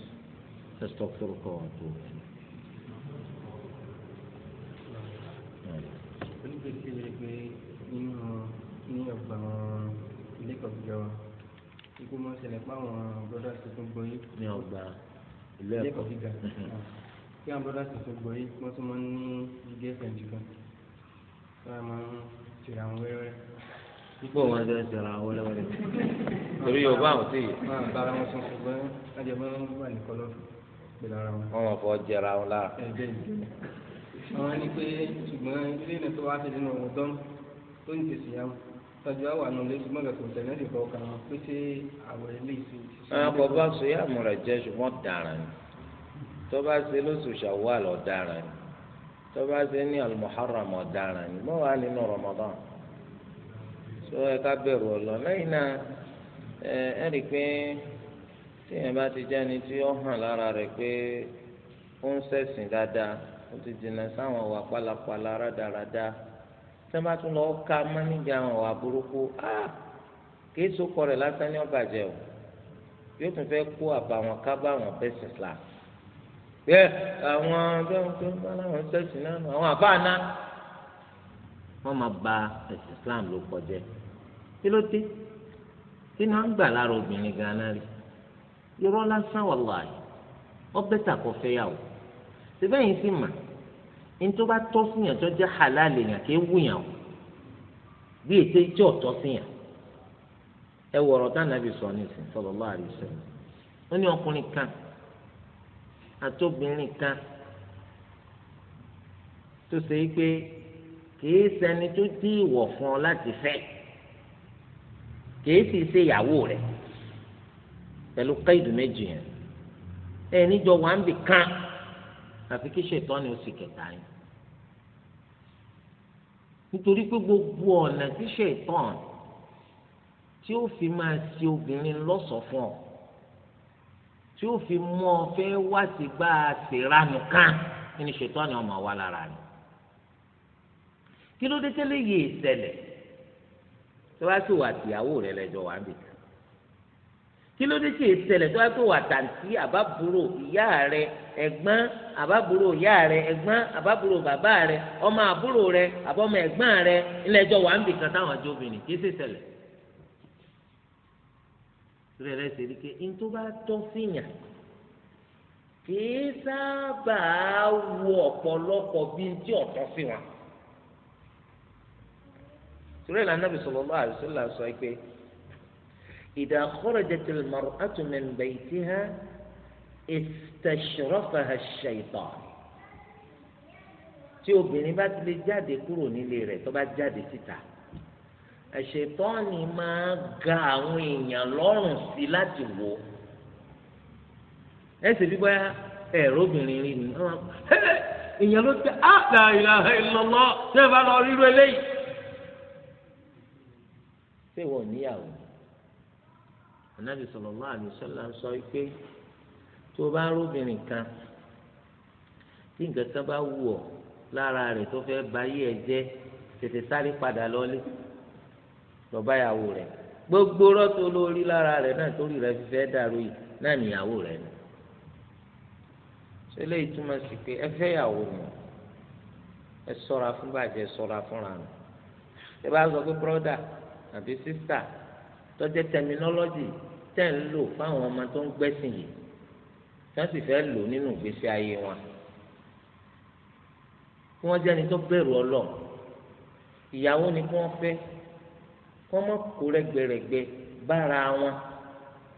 astaghfiruka wa atubu ilayk. ọgbà ilé ẹ̀kọ́ *laughs* kí àwọn brọ́dá sì tó gbọ́ yìí wọ́n tún máa ń ní girlfriend kan tí wọ́n máa ń ṣe àwọn wẹ́rẹ́wẹ́rẹ́. pípọ̀ wọn ṣe ń ṣe ara wọn lẹ́wọ̀n torí yorùbá àwọn sì yìí. wọn àbára wọn sọ̀rọ̀ ṣùgbọ́n ajẹ́ wọn wà ní kọ́lọ́ pẹ̀lú ara wọn. wọn fọ jẹra wọn lára. ẹgbẹ́ ìdílé àwọn ni pé ṣùgbọ́n ilé ìlẹ̀ tó wá ṣe nínú ọ̀dọ́ tó ń tẹ̀sí yàwó tọ́jú àwọn àna lè súnmọ́ kò tẹ̀lé ìfọ̀ọ́kàn wọn pé ṣé ilé ìsìn. àwọn ọkọ̀ bá sọ yàmù rẹ̀ jẹ́ ṣùgbọ́n dàrán ni. tọba bá ṣe lóṣù ṣàwọ́ọ̀lù ọ̀daràn ni tó bá ṣe ní ni mọ́ wàá nínú Ramadan tó ẹ ká bẹ̀rù náà ẹ ẹ rí i pé tíyẹn bá ti jẹ́ni tí ó hàn lára rẹ̀ pé ó ń ṣẹ̀sìn dáadáa ó ti dènà sáwọn wà pálapàla rádaràda tí wọ́n bá tún lọ ká mọ́nìjà àwọn burúkú rẹ̀ lásán ní ọ̀bàjẹ́ o yóò tún fẹ́ kó bẹ́ẹ̀ àwọn ọjọ́ tó ń bá láwọn ṣẹ́ẹ̀sì náà àwọn àbá náà wọ́n máa ba ẹ̀sìn Islam ló kọjá kí ló dé kí ni wọ́n ń gbà lára obìnrin gan-an rí irọ́ lásán wà láàyè ọbẹ̀ tàkọ́ fẹ́yàwó síbẹ̀ yìí sì mà nítorí bá tọ́ síyàn tó jẹ́ halal èèyàn kì í yàn o bí ètò ìjọ tọ́ síyàn ẹ wọ̀rọ̀ tá nàbì sọ ní ìsìn sallallahu alaihi wasallam ó ní ọkùnrin kan àtòbìnrin kan tó ṣe é pé kìí ṣẹni tó dí ìwọ̀ fún ọ láti fẹ́ kìí sì ṣe ìyàwó rẹ̀ pẹ̀lú káìdù méjì yẹn ẹ níjọ wà ń bì kan àfi kí ṣètọ́ ni ó sì kẹta yẹn nítorí pé gbogbo ọ̀nà tí ṣètọ́ tí ó fi máa ṣe obìnrin lọ́sọ̀ọ́ fún ọ tí ó fi mú ọ fẹ́ wá sí gbá àṣìránù kan ní ṣètọ́ni ọmọ wa lára ni kí ló dé tẹ́lẹ̀ yé ìṣẹ̀lẹ̀ tó bá sì wà tìyàwó rẹ lẹ́jọ́ wà níbi kan kí ló dé tí ìṣẹ̀lẹ̀ tó bá sì wà tàǹtí àbábúrò ìyá rẹ ẹ̀gbọ́n àbábúrò ìyá rẹ ẹ̀gbọ́n àbábúrò bàbá rẹ ọmọ àbúrò rẹ àbọ̀mọ ẹ̀gbọ́n rẹ ńlẹ́jọ́ wà níbi kan táwọn ọjọ́ obìnrin kì í sì ṣẹlẹ̀ rẹ̀ rẹ̀ ṣe rí i pé ní tó bá tọ́ síyàn kìí sábà wo ọ̀pọ̀lọpọ̀ bí n tí ọ̀tọ́ sí wọn. sùrẹ́ ìlànà Ànábì sallallahu alaihi wasallam sọ pé idha kharajatil mar'atu min baytiha istashrafaha ash-shaytan. tí obìnrin bá ti lè jáde kúrò nílé rẹ̀ tó bá jáde síta. Si ẹ̀ṣẹ̀tọ́ni máa ga àwọn èèyàn lọ́rùn sí láti wò ó ẹsẹ̀ bí bóyá ẹ̀rọ obìnrin rí ni wọ́n èèyàn ló tẹ àdá ìlànà ìlọ́lọ́ tẹ́ ẹ bá lọ rírọ eléyìí. ṣé ìwọ níyàwó Ànábì sallallahu alaihi wasallam sọ pé tó bá róbìnrin kan tí nǹkan kan bá wù ọ́ lára rẹ̀ tó fẹ́ báyé ẹ jẹ́ tètè sáré padà lọ́lé lọ́ba ìyàwó rẹ̀ gbogbo rọ́tò lórí lára rẹ̀ náà torí rẹ̀ fi fẹ́ dàrú yìí náà níyàwó rẹ̀ ni ṣẹlẹ̀ ìtumọ̀ sí pé ẹ fẹ́ yàwó mọ̀ ẹ ṣọ́ra fún bàjẹ́ ṣọ́ra fúnra nù ẹ bá sọ pé brọ́dà àbí sísà tọ́jẹ́ tẹminọ́lọ́jì tẹ̀ ń lò fáwọn ọmọ tó ń gbẹ́sìn yìí tán sì fẹ́ lò nínú ìgbésí ayé wọn kí wọ́n jẹ́ni tó bẹ̀rù ọlọ́ọ̀ ìyàwó ni kí wọ́n fẹ́ wọ́n mọ̀ kó rẹ́gbẹ̀rẹ́gbẹ́ bára wọn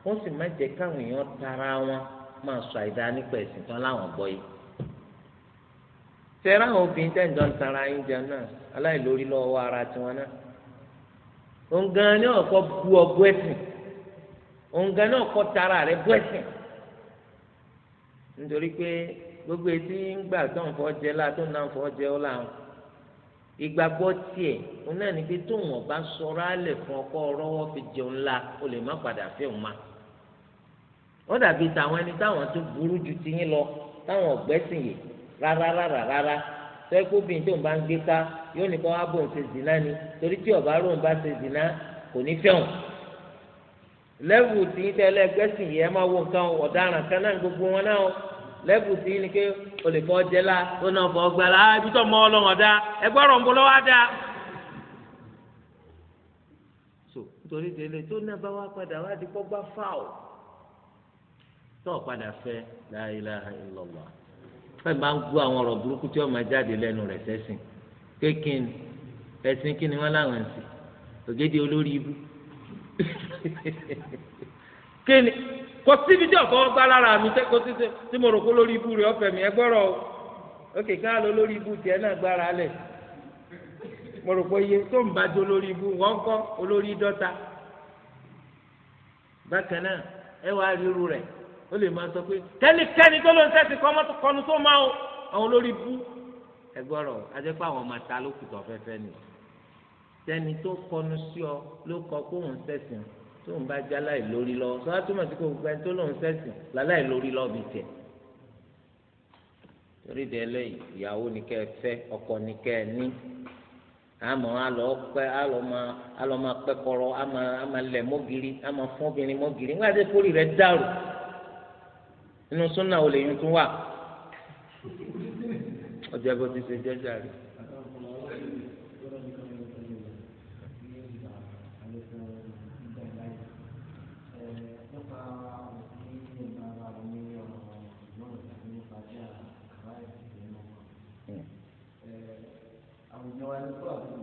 wọ́n sì má jẹ́ káwọn èèyàn tara wọn máa sọ àìdá nípa ẹ̀sìn tán láwọn gbọ́ yìí. tẹ́rẹ́ àwọn obìnrin ń tara yín jẹun náà aláìlórí lọ́wọ́ ara tiwọn náà. òun gan-an bu ọgbọ́ ẹ̀sìn òun tara ẹ̀sìn. nítorí gbogbo etí ń gbà tó ń fọ́ jẹ́ ń fọ́ ìgbàgbọ́ tiẹ̀ òun náà ní pé tóun ọ̀bá sọ̀rọ̀ alẹ̀ fún ọkọ ọ̀rọ̀wọ́ fi jẹun ńlá o lè má padà fẹ́ òun ma ó dàbí tàwọn ẹni táwọn tó burú ju tiyín lọ táwọn ọ̀gbẹ́sìn yìí rárá rárá rárá sẹ́kóbìn tóun bá ń gbé ká yóò ní kó wá bóun ṣe zìnà ni torí tí ọ̀bá rò ń bá ṣe zìnà kò ní fẹ́ òun lẹ́wù tiyín tẹ́lẹ̀ gbẹ́sìn yìí ẹ má wo nǹkan ọ̀daràn lẹ́bù sí ni pé o lè fọ́ jẹ́ la ó náà fọ́ gbà la ah, ibi tó mọ ọlọ́wọ́n dá ẹgbẹ́ ọ̀rọ̀ ń bọ́ lọ́wọ́ dá. so nítorí délé tó náà bá wá padà wá di kọ́gbá fáwọ̀ tó o padà fẹ́ la ilaha illallah fẹ́ẹ́ máa ń gbọ́ àwọn ọ̀rọ̀ burúkú tí wọ́n máa jáde lẹ́nu rẹ̀ sẹ́sìn kékin ẹ̀sìn kí ni wọ́n láwọn ń sìn olórí ibú *laughs* kéènì kò síbi tí ọ̀fọ́ gbá lára mi tẹ́kọ̀ títí tí mo rò kó lórí ibú rẹ̀ ọ̀fẹ́ mi ẹ gbọ́rọ̀ o òkè ká lọ lórí ibú tiẹ̀ náà gbára lẹ̀ mo rò pé iye tó ń bàjẹ́ olórí ibú wọ́n kọ́ olórí dọ́ta bákan náà ẹ wá ríru rẹ̀ ó lè máa sọ pé kẹ́nikẹ́ni tó ló ń sẹ́sìn kọ́ kọ́nu tó máa o àwọn olórí ibú ẹ gbọ́rọ̀ ajẹ́ pé àwọn ọmọ ta ló kùtọ̀ fẹ́fẹ́ ni tẹ́ni tó kọ́nu sí ọ ló kọ kóhùn sẹ́sìn tó ń bá já láì lórí lọ sọ àtúmọ̀ sí kò gbogbo ẹni tó lòún sẹ́sìn láláì lórí lọ bì tẹ̀. torí de ẹlẹ́yìn ìyàwó ni kẹ́ ẹ fẹ́ ọkọ ni kẹ́ ẹ ní àmọ́ alọ́ pẹ́ alọ́ máa alọ́ máa pẹ́ kọ́rọ́ àmọ́ lẹ̀ mọ́gìrì ama fún obìnrin mọ́gìrì nígbà tí kórì rẹ̀ dàrú nínú súnà olè yín tún wà ọjọ́ bó ti ṣe jẹ́jà rẹ̀. ìjọba ẹni tó àbí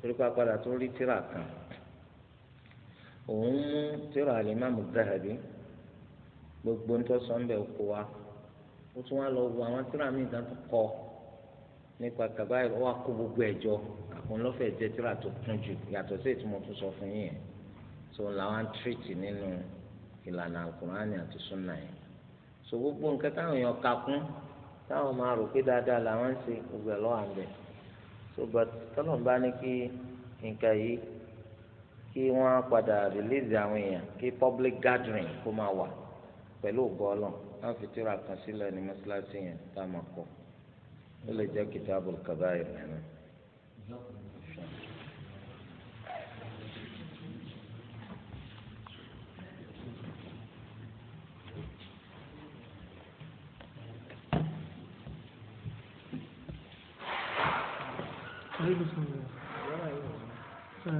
torípa padà tó rí tíra kan òun mú tíra alimami zahabi gbogbo ń tọ́ sọ́nbẹ̀ kó wa ó tún wá lọ wo àwọn tíra mi gan tó kọ nípa kaba wa kó gbogbo ẹ̀jọ àwọn jẹ́ tíra tó jù yàtọ̀ sí ètò mo tún sọ fún yín so làwọn tírìtì nínú ìlànà alukurani àti so gbogbo nǹkan táwọn èèyàn kà táwọn máa rò pé dáadáa làwọn ń ṣùgbọ́n tọ́lọ́n bá ní kí nǹkan yìí kí wọ́n padà release àwọn èèyàn kí public gathering kó máa wà pẹ̀lú ògbọ́lọ̀ wọ́n fi tíra kan sílẹ̀ ní mọ́ṣáláṣí yẹn tá a máa kọ́ ó lè jẹ́ kìtàbù kàbáyé mẹ́rin. 对对。